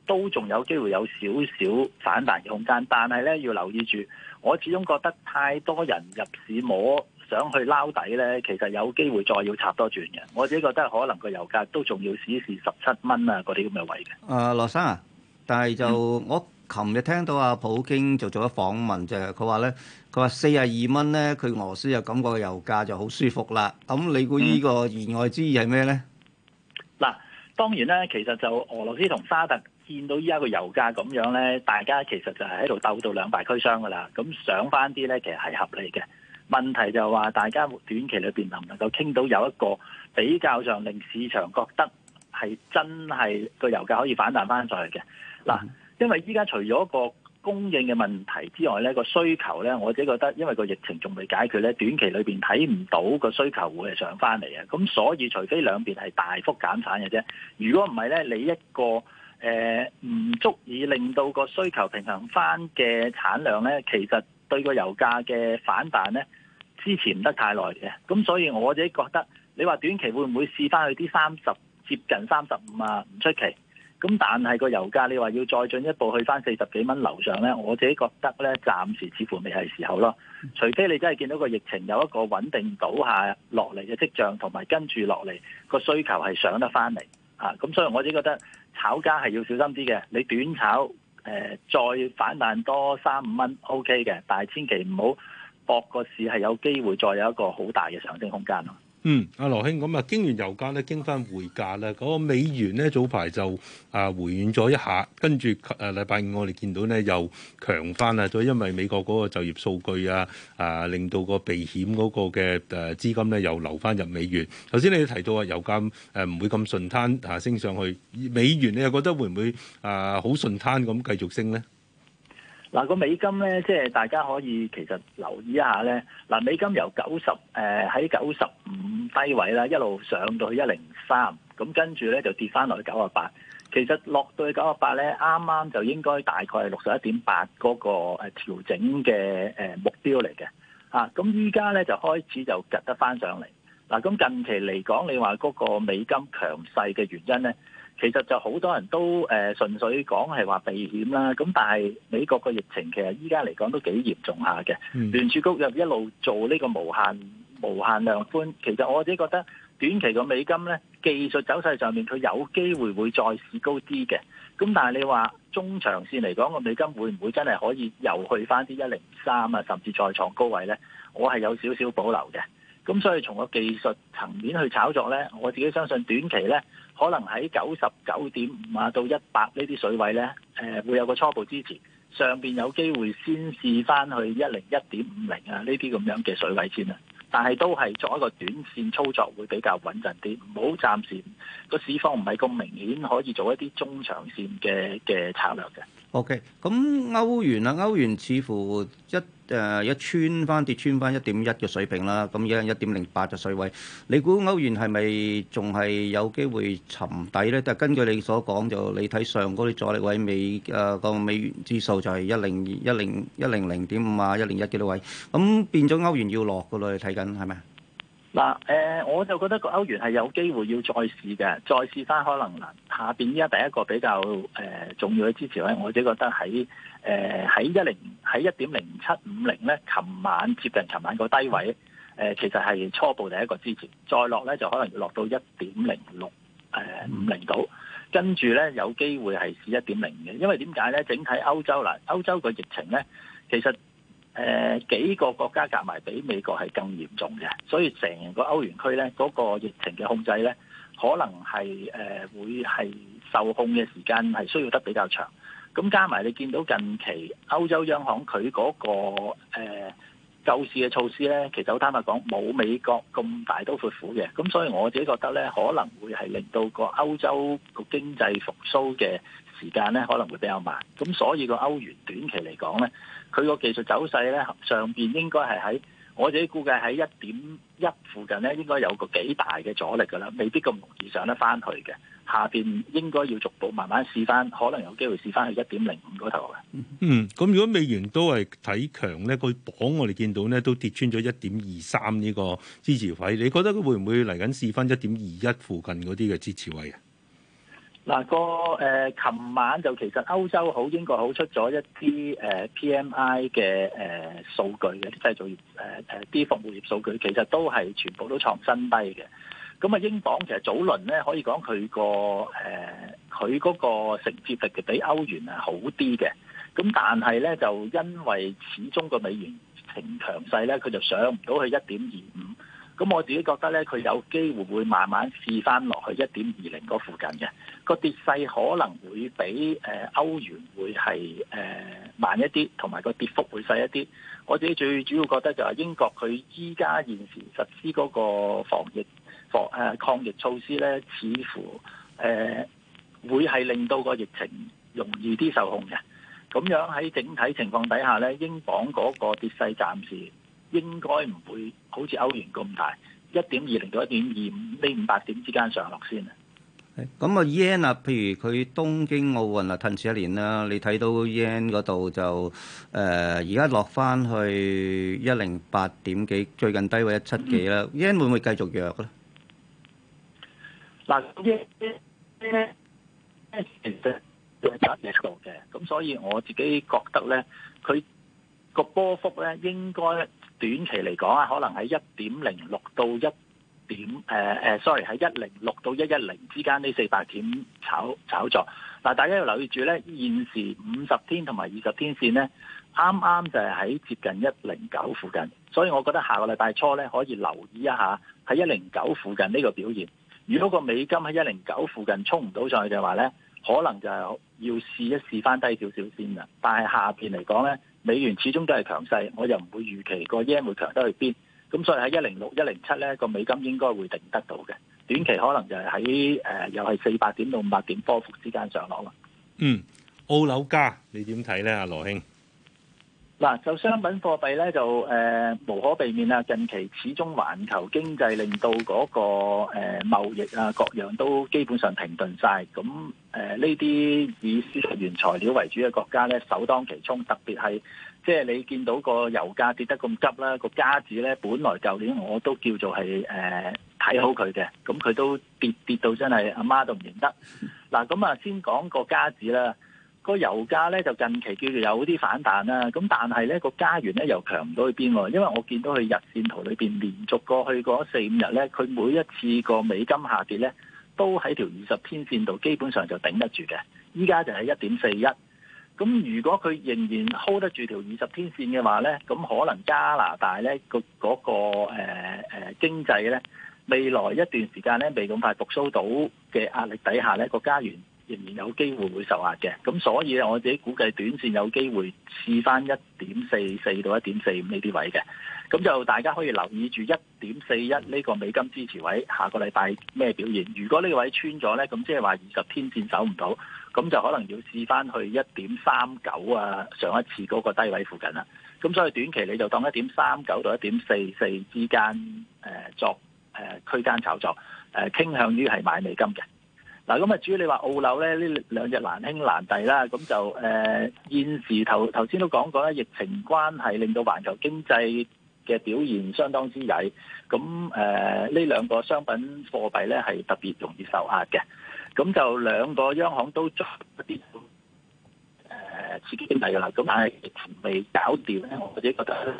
都仲有機會有少少反彈嘅空間，但係咧要留意住，我始終覺得太多人入市摸，想去撈底咧，其實有機會再要插多轉嘅。我自己覺得可能個油價都仲要試試十七蚊啊，嗰啲咁嘅位嘅。誒、呃，羅生啊，但係就、嗯、我琴日聽到阿普京就做咗訪問，就係佢話咧，佢話四十二蚊咧，佢俄羅斯又感覺個油價就好舒服啦。咁你估呢個言外之意係咩咧？嗱、嗯，當然咧，其實就俄羅斯同沙特。見到依家個油價咁樣呢，大家其實就係喺度鬥到兩敗俱傷噶啦。咁上翻啲呢，其實係合理嘅。問題就話大家短期裏邊能唔能夠傾到有一個比較上令市場覺得係真係個油價可以反彈翻上去嘅。嗱、mm，hmm. 因為依家除咗個供應嘅問題之外呢，個需求呢，我自己覺得因為個疫情仲未解決呢，短期裏邊睇唔到個需求會係上翻嚟嘅。咁所以除非兩邊係大幅減產嘅啫，如果唔係呢，你一個。誒唔、呃、足以令到個需求平衡翻嘅產量呢，其實對個油價嘅反彈呢，支持唔得太耐嘅。咁所以我自己覺得，你話短期會唔會試翻去啲三十接近三十五啊？唔出奇。咁但係個油價你話要再進一步去翻四十幾蚊樓上呢，我自己覺得呢，暫時似乎未係時候咯。除非你真係見到個疫情有一個穩定倒下落嚟嘅跡象，同埋跟住落嚟個需求係上得翻嚟。咁、啊、所以我只覺得炒家係要小心啲嘅，你短炒誒、呃、再反彈多三五蚊 OK 嘅，但係千祈唔好博個市係有機會再有一個好大嘅上升空間咯。嗯，阿羅兄咁啊，經完油價咧，經翻匯價啦，嗰個美元咧早排就啊回軟咗一下，跟住誒禮拜五我哋見到咧又強翻啊，再因為美國嗰個就業數據啊，啊令到個避險嗰個嘅誒資金咧又流翻入美元。頭先你提到啊油價誒唔會咁順攤下升上去，美元你又覺得會唔會啊好順攤咁繼續升咧？嗱個美金咧，即係大家可以其實留意一下咧。嗱，美金由九十誒喺九十五低位啦，一路上到去一零三，咁跟住咧就跌翻落去九啊八。其實落到去九啊八咧，啱啱就應該大概係六十一點八嗰個誒調整嘅誒目標嚟嘅。啊，咁依家咧就開始就趌得翻上嚟。嗱，啊，咁近期嚟講，你話嗰個美金強勢嘅原因咧？其實就好多人都誒、呃、純粹講係話避險啦，咁但係美國個疫情其實依家嚟講都幾嚴重下嘅。聯儲局又一路做呢個無限無限量寬，其實我自己覺得短期個美金呢，技術走勢上面佢有機會會再試高啲嘅。咁但係你話中長線嚟講個美金會唔會真係可以又去返啲一零三啊，甚至再創高位呢？我係有少少保留嘅。咁所以從個技術層面去炒作呢，我自己相信短期呢。可能喺九十九點五啊到一百呢啲水位呢，誒、呃、會有個初步支持，上邊有機會先試返去一零一點五零啊呢啲咁樣嘅水位先啊，但係都係作一個短線操作會比較穩陣啲，唔好暫時個市況唔係咁明顯，可以做一啲中長線嘅嘅策略嘅。O K，咁歐元啊，歐元似乎一。誒一、呃、穿翻跌穿翻一點一嘅水平啦，咁而家一點零八嘅水位，你估歐元係咪仲係有機會沉底咧？就根據你所講就你睇上嗰啲阻力位，美誒個、呃、美元指數就係一零一零一零零點五啊一零一幾多位，咁變咗歐元要落嘅啦，你睇緊係咪？嗱，誒、呃，我就覺得個歐元係有機會要再試嘅，再試翻可能啦。下邊依家第一個比較誒、呃、重要嘅支持咧，我自己覺得喺誒喺一零喺一點零七五零咧，琴、呃、晚接近琴晚個低位，誒、呃、其實係初步第一個支持。再落咧就可能要落到一點零六誒五零度，跟住咧有機會係試一點零嘅。因為點解咧？整體歐洲嗱，歐洲個疫情咧，其實。誒幾個國家夾埋比美國係更嚴重嘅，所以成個歐元區咧嗰個疫情嘅控制咧，可能係誒會係受控嘅時間係需要得比較長。咁加埋你見到近期歐洲央行佢嗰個誒救市嘅措施咧，其實好坦白講，冇美國咁大刀闊斧嘅。咁所以我自己覺得咧，可能會係令到個歐洲個經濟復甦嘅時間咧，可能會比較慢。咁所以個歐元短期嚟講咧。佢個技術走勢咧，上邊應該係喺我自己估計喺一點一附近咧，應該有個幾大嘅阻力㗎啦，未必咁容易上得翻去嘅。下邊應該要逐步慢慢試翻，可能有機會試翻去一點零五嗰頭嘅。嗯，咁如果美元都係睇強咧，個鎊我哋見到咧都跌穿咗一點二三呢個支持位，你覺得會唔會嚟緊試翻一點二一附近嗰啲嘅支持位啊？嗱、那個誒，琴、呃、晚就其實歐洲好、英國好出咗一啲誒、呃、PMI 嘅誒、呃、數據嘅即係製造業誒誒啲服務業數據，其實都係全部都創新低嘅。咁啊，英鎊其實早輪咧可以講佢、呃、個誒佢嗰個承接力比歐元係好啲嘅，咁但係咧就因為始終個美元呈強勢咧，佢就上唔到去一點二五。咁我自己覺得咧，佢有機會會慢慢試翻落去一點二零嗰附近嘅個跌勢，可能會比誒歐元會係誒慢一啲，同埋個跌幅會細一啲。我自己最主要覺得就係英國佢依家現時實施嗰個防疫防誒抗疫措施咧，似乎誒會係令到個疫情容易啲受控嘅。咁樣喺整體情況底下咧，英鎊嗰個跌勢暫時。應該唔會好似歐元咁大，一點二零到一點二五呢五百點之間上落先啊。咁啊 yen 啊，譬如佢東京奧運啊，褪遲一年啦，你睇到 yen 嗰度就誒，而家落翻去一零八點幾，最近低位一七幾啦。yen 會唔會繼續弱咧？嗱 yen 咧，其實有得嘅，咁所以我自己覺得咧，佢個波幅咧應該。短期嚟講啊，可能喺一點零六、uh, 到一點誒誒，sorry 喺一零六到一一零之間呢四百點炒炒作。嗱，大家要留意住咧，現時五十天同埋二十天線咧，啱啱就係喺接近一零九附近，所以我覺得下個禮拜初咧可以留意一下喺一零九附近呢個表現。如果個美金喺一零九附近衝唔到上去嘅話咧，可能就係要試一試翻低少少先嘅。但係下邊嚟講咧。美元始終都係強勢，我又唔會預期個 Yen 會強得去邊，咁所以喺一零六、一零七咧，個美金應該會定得到嘅，短期可能就係喺誒又係四百點到五百點波幅之間上落咯。嗯，澳紐加你點睇咧，阿羅兄？嗱，就商品貨幣咧，就誒無可避免喇。近期始終環球經濟令到嗰個誒貿易啊各樣都基本上停頓曬，咁誒呢啲以輸出原材料為主嘅國家咧，首當其衝，特別係即係你見到個油價跌得咁急啦，個加紙咧，本來舊年我都叫做係誒睇好佢嘅，咁佢都跌跌到真係阿媽都唔認得。嗱，咁啊，先講個加紙啦。個油價咧就近期叫做有啲反彈啦、啊，咁但係咧個加元咧又強唔到去邊喎，因為我見到佢日線圖裏邊連續過去嗰四五日咧，佢每一次個美金下跌咧，都喺條二十天線度基本上就頂得住嘅。依家就係一點四一，咁如果佢仍然 hold 得住條二十天線嘅話咧，咁可能加拿大咧、個嗰、個誒誒、呃、經濟咧未來一段時間咧未咁快復甦到嘅壓力底下咧個加元，仍然有機會會受壓嘅，咁所以咧我自己估計短線有機會試翻一點四四到一點四五呢啲位嘅，咁就大家可以留意住一點四一呢個美金支持位，下個禮拜咩表現？如果呢個位穿咗呢，咁即係話二十天線走唔到，咁就可能要試翻去一點三九啊，上一次嗰個低位附近啦。咁所以短期你就當一點三九到一點四四之間誒、呃、作誒、呃、區間炒作，誒、呃、傾向於係買美金嘅。嗱，咁啊，至於你話澳樓咧，呢兩隻難兄難弟啦。咁就誒現時頭頭先都講過啦，疫情關係令到環球經濟嘅表現相當之曳。咁誒呢兩個商品貨幣咧，係特別容易受壓嘅。咁就兩個央行都作一啲誒刺激經濟嘅啦。咁但係疫情未搞掂咧，我自己覺得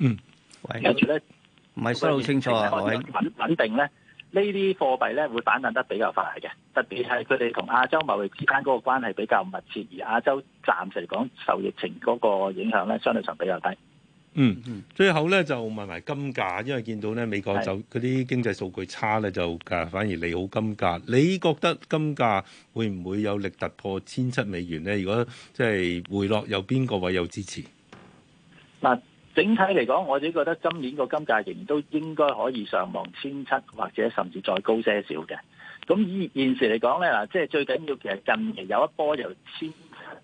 嗯，喂，跟住咧唔係講得好清楚啊，穩穩定咧。呢啲貨幣咧會反彈得比較快嘅，特別係佢哋同亞洲貿易之間嗰個關係比較密切，而亞洲暫時嚟講受疫情嗰個影響咧相對上比較低。嗯嗯，最後咧就問埋金價，因為見到咧美國就嗰啲是經濟數據差咧就嘅反而利好金價。你覺得金價會唔會有力突破千七美元咧？如果即係、就是、回落，有邊個位有支持？嗱。整體嚟講，我自己覺得今年個金價仍然都應該可以上望千七或者甚至再高些少嘅。咁以現時嚟講咧，嗱，即係最緊要其實近期有一波由千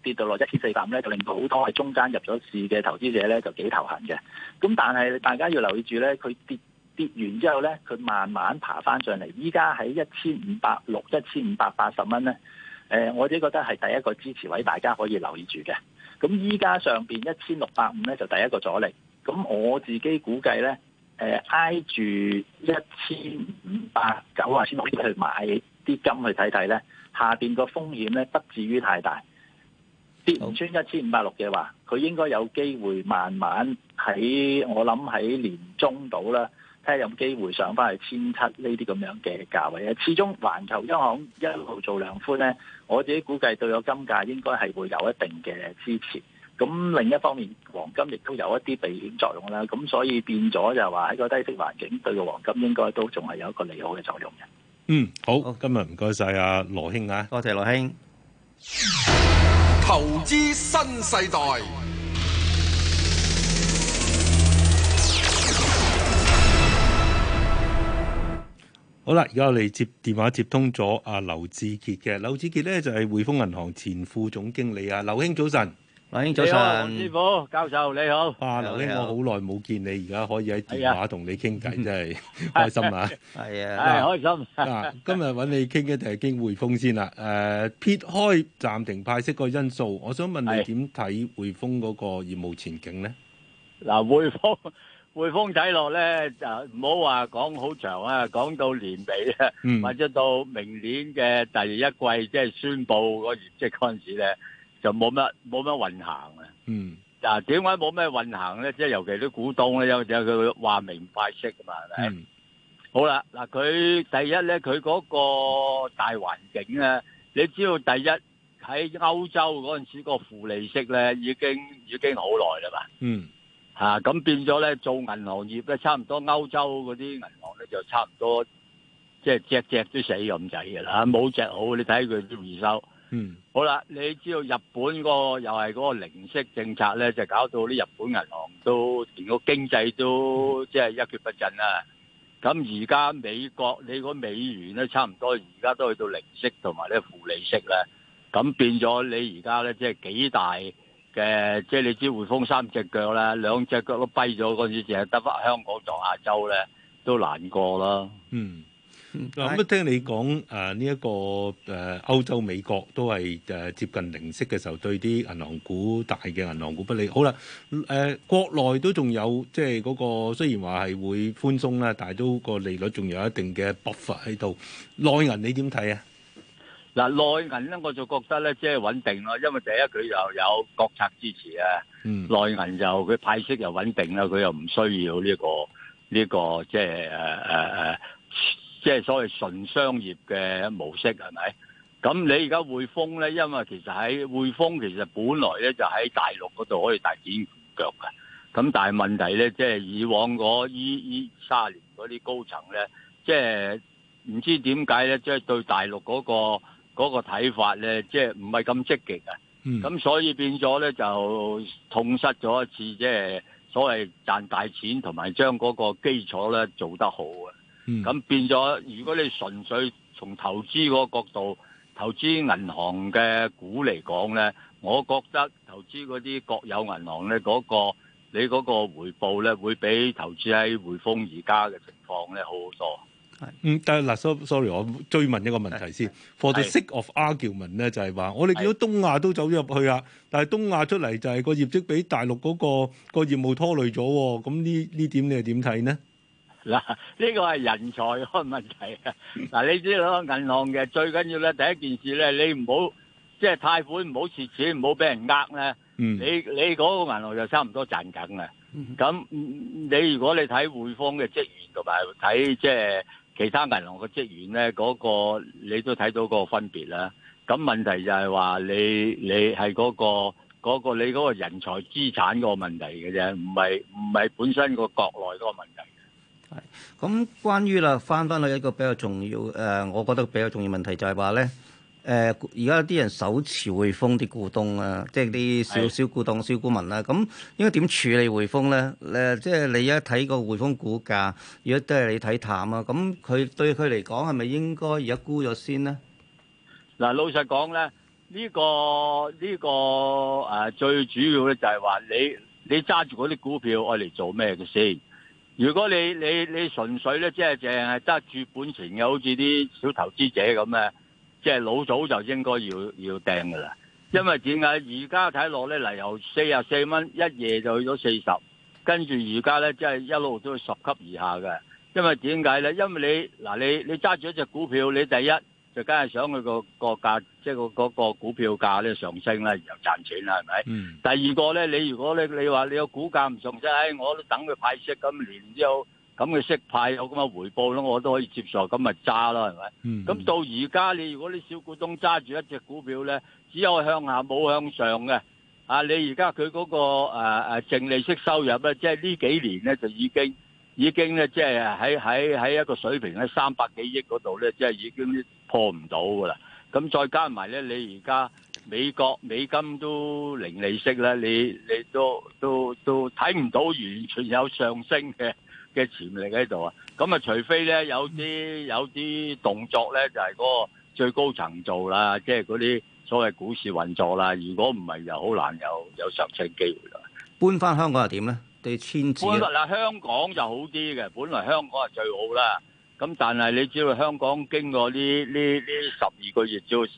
跌到落一千四百五咧，就令到好多喺中間入咗市嘅投資者咧就幾頭痕嘅。咁但係大家要留意住咧，佢跌跌完之後咧，佢慢慢爬翻上嚟。依家喺一千五百六、一千五百八十蚊咧，誒，我自己覺得係第一個支持位，大家可以留意住嘅。咁依家上邊一千六百五咧，就第一個阻力。咁我自己估計咧，誒、呃、挨住一千五百九啊先可以去買啲金去睇睇咧，下邊個風險咧不至於太大。跌唔穿一千五百六嘅話，佢應該有機會慢慢喺我諗喺年中度啦，睇下有冇機會上返去千七呢啲咁樣嘅價位。因為始終環球央行一路做量寬咧，我自己估計對個金價應該係會有一定嘅支持。咁另一方面，黃金亦都有一啲避險作用啦。咁所以變咗就係話喺個低息環境，對個黃金應該都仲係有一個利好嘅作用嘅。嗯，好，今日唔該曬阿羅兄啊，多謝羅兄。投資新世代。好啦，而家我哋接電話接通咗阿劉志傑嘅。劉志傑呢就係匯豐銀行前副總經理啊。劉兄早晨。你好，師傅教授你好。啊，劉英，我好耐冇見你，而家可以喺電話同你傾偈，真係開心啊！係啊，係開心。嗱，今日揾你傾嘅就係傾匯豐先啦。誒，撇開暫停派息個因素，我想問你點睇匯豐嗰個業務前景咧？嗱，匯豐匯豐睇落咧就唔好話講好長啊，講到年尾啊，或者到明年嘅第一季，即係宣布個業績嗰陣時咧。就冇乜冇乜運行啊！嗯，嗱，點解冇乜運行咧？即係尤其啲股東咧，有有佢話明快息嘛係咪？嗯，好啦，嗱，佢第一咧，佢嗰個大環境咧，你知道第一喺歐洲嗰陣時個負利息咧，已經已經好耐啦嘛。嗯，吓，咁變咗咧，做銀行業咧，差唔多歐洲嗰啲銀行咧，就差唔多即係只只都死咁滯嘅啦，冇隻好你睇佢回收。嗯，好啦，你知道日本嗰個又係嗰個零息政策咧，就搞到啲日本銀行都連個經濟都、嗯、即係一蹶不振啦。咁而家美國你個美元咧，差唔多而家都去到零息同埋咧負利息啦。咁變咗你而家咧，即係幾大嘅，即係你知匯豐三隻腳啦，兩隻腳都跛咗，嗰陣時淨係得翻香港做亞洲咧，都難過啦。嗯。嗱咁啊，聽你講誒呢一個誒歐洲美國都係誒接近零息嘅時候，對啲銀行股大嘅銀行股不利。好啦，誒國內都仲有即係嗰個雖然話係會寬鬆啦，但係都個利率仲有一定嘅 buffer 喺度。內銀你點睇啊？嗱，內銀咧，我就覺得咧，即係穩定咯，因為第一佢又有國策支持啊。嗯，內銀又佢派息又穩定啦，佢又唔需要呢個呢個即係誒誒誒。即係所謂純商業嘅模式係咪？咁你而家匯豐咧，因為其實喺匯豐其實本來咧就喺大陸嗰度可以大展拳腳嘅。咁但係問題咧，即係以往嗰依依卅年嗰啲高層咧，即係唔知點解咧，即係對大陸嗰個嗰個睇法咧，即係唔係咁積極啊。咁，嗯，所以變咗咧就痛失咗一次，即係所謂賺大錢同埋將嗰個基礎咧做得好啊。咁變咗，如果你純粹從投資嗰個角度投資銀行嘅股嚟講咧，我覺得投資嗰啲國有銀行咧，嗰個你嗰個回報咧，會比投資喺匯豐而家嘅情況咧好好多。係，嗯，但係嗱，sorry，我追問一個問題先。For the sake of argument 咧，就係話我哋見到東亞都走咗入去啊，但係東亞出嚟就係個業績俾大陸嗰個個業務拖累咗，咁呢呢點你係點睇呢？嗱，呢個係人才個問題啊！嗱，你知咯，銀行嘅最緊要咧，第一件事咧，你唔好即係貸款唔好蝕錢，唔好俾人呃咧。你你嗰個銀行就差唔多賺緊嘅。咁你如果你睇匯豐嘅職員同埋睇即係其他銀行嘅職員咧，嗰個你都睇到個分別啦。咁問題就係話你你係嗰個嗰個你嗰個人才資產個問題嘅啫，唔係唔係本身個國內嗰個問題。咁、嗯、關於啦，返返去一個比較重要誒、呃，我覺得比較重要問題就係話咧，誒而家啲人手持匯豐啲股東啊，即係啲小小股東、小股民啦、啊，咁、嗯、應該點處理匯豐咧？誒、呃，即係你而家睇個匯豐股價，如果都係你睇淡啊，咁佢對佢嚟講係咪應該而家沽咗先咧？嗱、呃，老實講咧，呢、這個呢、這個誒、呃、最主要咧就係話你你揸住嗰啲股票，我嚟做咩嘅先？如果你你你純粹咧，即係淨係揸住本錢嘅，好似啲小投資者咁咧，即係老早就應該要要掟噶啦。因為點解？而家睇落咧，嚟由四十四蚊一夜就去咗四十，跟住而家咧，即係一路都係十級以下嘅。因為點解咧？因為你嗱，你你揸住一隻股票，你第一。就梗係想佢個個價，即係個個股票價咧上升啦，然後賺錢啦，係咪？嗯、第二個咧，你如果咧，你話你個股價唔上升，哎，我都等佢派息咁年之後咁佢息派有咁嘅回報咧，我都可以接受，咁咪揸啦，係咪？咁、嗯、到而家你如果啲小股東揸住一隻股票咧，只有向下冇向上嘅，啊！你而家佢嗰個誒誒、呃、淨利息收入咧，即係呢幾年咧就已經已經咧，即係喺喺喺一個水平喺三百幾億嗰度咧，即係已經。破唔到噶啦，咁再加埋咧，你而家美國美金都零利息咧，你你都都都睇唔到完全有上升嘅嘅潛力喺度啊！咁啊，除非咧有啲有啲動作咧，就係嗰個最高層做啦，即係嗰啲所謂股市運作啦。如果唔係，又好難有有上升機會啦。搬翻香港又點咧？你遷置？本來香港就好啲嘅，本來香港係最好啦。咁但係你只要香港經過呢呢呢十二個月，只要十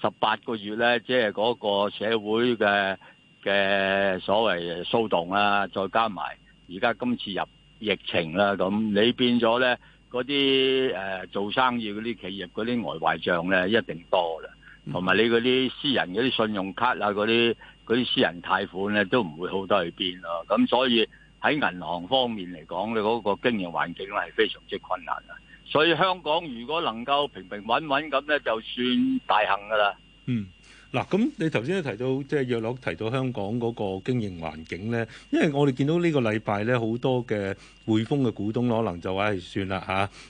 十八個月咧，即係嗰個社會嘅嘅所謂騷動啦、啊，再加埋而家今次入疫情啦，咁你變咗咧嗰啲誒做生意嗰啲企業嗰啲外壞賬咧一定多啦，同埋你嗰啲私人嗰啲信用卡啊嗰啲啲私人貸款咧都唔會好得去邊啦，咁所以。喺銀行方面嚟講，你嗰個經營環境咧，係非常之困難啊！所以香港如果能夠平平穩穩咁咧，就算大幸噶啦。嗯，嗱，咁你頭先都提到，即係約樂提到香港嗰個經營環境咧，因為我哋見到呢個禮拜咧，好多嘅匯豐嘅股東可能就話係算啦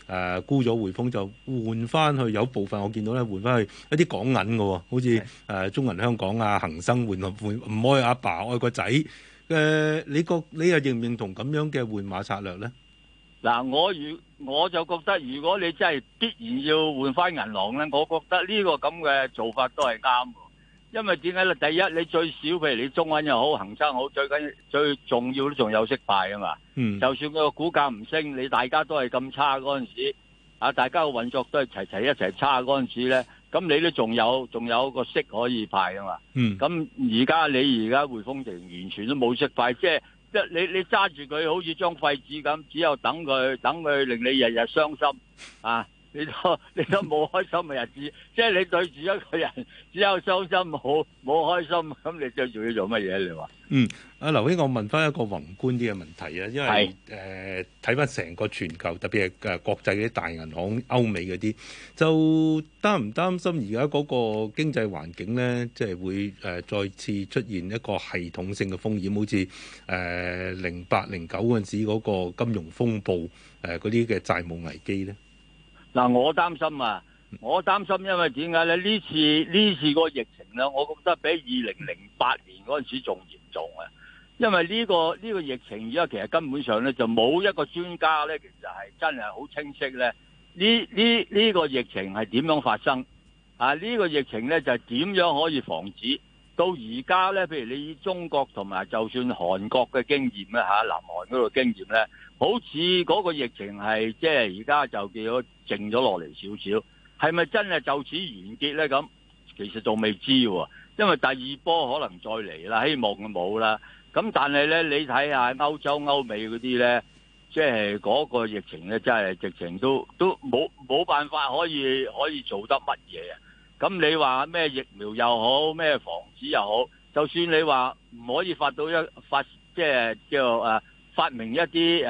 吓，誒，沽咗匯豐就換翻去有部分，我見到咧換翻去一啲港銀嘅，好似誒中銀香港啊、恒生換，換唔愛阿爸愛個仔。誒、uh，你覺你又認唔認同咁樣嘅換馬策略咧？嗱，我如我就覺得，如果你真係必然要換翻銀行咧，我覺得呢個咁嘅做法都係啱，因為點解咧？第一，你最少譬如你中銀又好，恒生好，最緊要最重要都仲有息派啊嘛。嗯。就算個股價唔升，你大家都係咁差嗰陣時，啊，大家嘅運作都係齊齊一齊差嗰陣時咧。咁你都仲有，仲有個息可以派啊嘛。嗯，咁而家你而家匯豐就完全都冇息派，即係即係你你揸住佢好似張廢紙咁，只有等佢，等佢令你日日傷心啊！你都你都冇開心嘅日子， 即係你對住一個人只有傷心好，冇冇開心咁，你最仲要做乜嘢？你話嗯啊，劉英，我問翻一個宏觀啲嘅問題啊，因為誒睇翻成個全球特別係誒國際嗰啲大銀行、歐美嗰啲，就擔唔擔心而家嗰個經濟環境咧，即係會誒再次出現一個系統性嘅風險，好似誒零八零九嗰陣時嗰個金融風暴誒嗰啲嘅債務危機咧？嗱，我擔心啊！我擔心，因為點解咧？呢次呢次個疫情咧，啊，我覺得比二零零八年嗰陣時仲嚴重啊！因為呢、呢個呢、呢個疫情而家其實根本上咧就冇一個專家咧，其實係真係好清晰咧。呢呢呢個疫情係點樣發生啊？呢、呢個疫情咧就點、係、樣可以防止？到而家咧，譬如你中國同埋就算韓國嘅經驗咧嚇，南韓嗰個經驗咧，好似嗰個疫情係即係而家就叫做靜咗落嚟少少，係咪真係就此完結咧？咁其實仲未知喎，因為第二波可能再嚟啦，希望佢冇啦。咁但係咧，你睇下歐洲、歐美嗰啲咧，即係嗰個疫情咧，真係直情都都冇冇辦法可以可以做得乜嘢啊！咁你話咩疫苗又好，咩防止又好，就算你話唔可以發到一發，即係叫誒、啊、發明一啲誒誒疫苗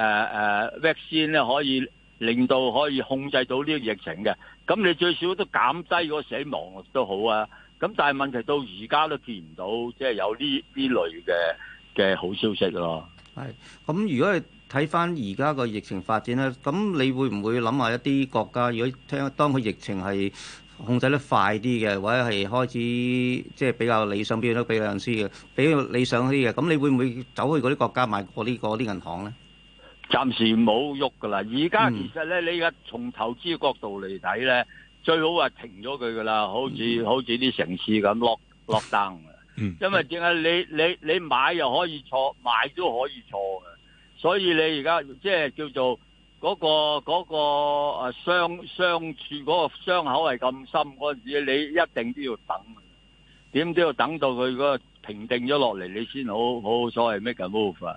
咧，啊啊、可以令到可以控制到呢個疫情嘅，咁你最少都減低個死亡率都好啊。咁但係問題到而家都見唔到，即係有呢呢類嘅嘅好消息咯。係，咁如果你睇翻而家個疫情發展咧，咁你會唔會諗下一啲國家，如果聽當佢疫情係？控制得快啲嘅，或者係開始即係比較理想啲都俾兩絲嘅，比較理想啲嘅。咁你會唔會走去嗰啲國家買嗰啲嗰啲銀行咧？暫時冇喐㗎啦。而家其實咧，你而家從投資角度嚟睇咧，最好話停咗佢㗎啦。好似好似啲城市咁落落單啊。因為點解你你你買又可以錯，買都可以錯嘅，所以你而家即係叫做。嗰個嗰個誒傷傷處嗰個傷口係咁深嗰陣時，你一定都要等。點都要等到佢嗰個平定咗落嚟，你先好好所謂 make a move 啊。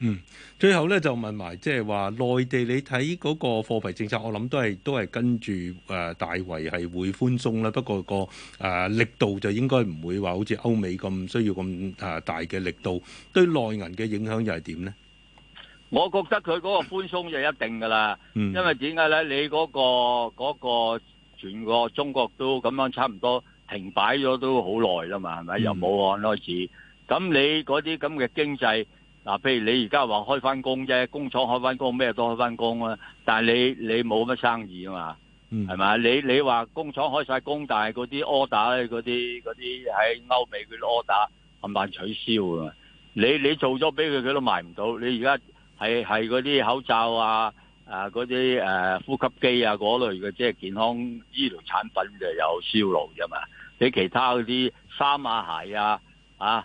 嗯，最後咧就問埋即係話內地，你睇嗰個貨幣政策，我諗都係都係跟住誒大圍係會寬鬆啦。不過個誒力度就應該唔會話好似歐美咁需要咁誒大嘅力度，對內銀嘅影響又係點咧？我覺得佢嗰個寬鬆就一定噶啦，因為點解咧？你嗰個嗰個全個中國都咁樣差唔多停擺咗都好耐啦嘛，係咪由武漢開始？咁你嗰啲咁嘅經濟，嗱，譬如你而家話開翻工啫，工廠開翻工咩都開翻工啊？但係你你冇乜生意啊嘛，係咪？你你話工廠開晒工，但係嗰啲 order 嗰啲嗰啲喺歐美嘅 order，冚辦取消啊嘛？你你做咗俾佢，佢都賣唔到。你而家。係係嗰啲口罩啊，啊嗰啲誒呼吸機啊嗰類嘅，即係健康醫療產品就有銷路啫嘛。你其他嗰啲衫啊鞋啊啊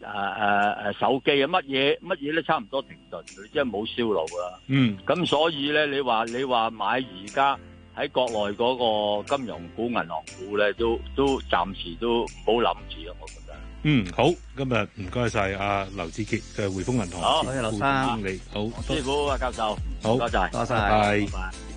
誒誒誒手機啊乜嘢乜嘢都差唔多停頓，你即係冇銷路啊。嗯，咁所以咧，你話你話買而家喺國內嗰個金融股、銀行股咧，都都暫時都唔好諗住啊。我嗯，好，今日唔該晒阿劉志杰嘅匯豐銀行好，先生你好，師傅阿教授好，多謝，好多謝，拜拜。謝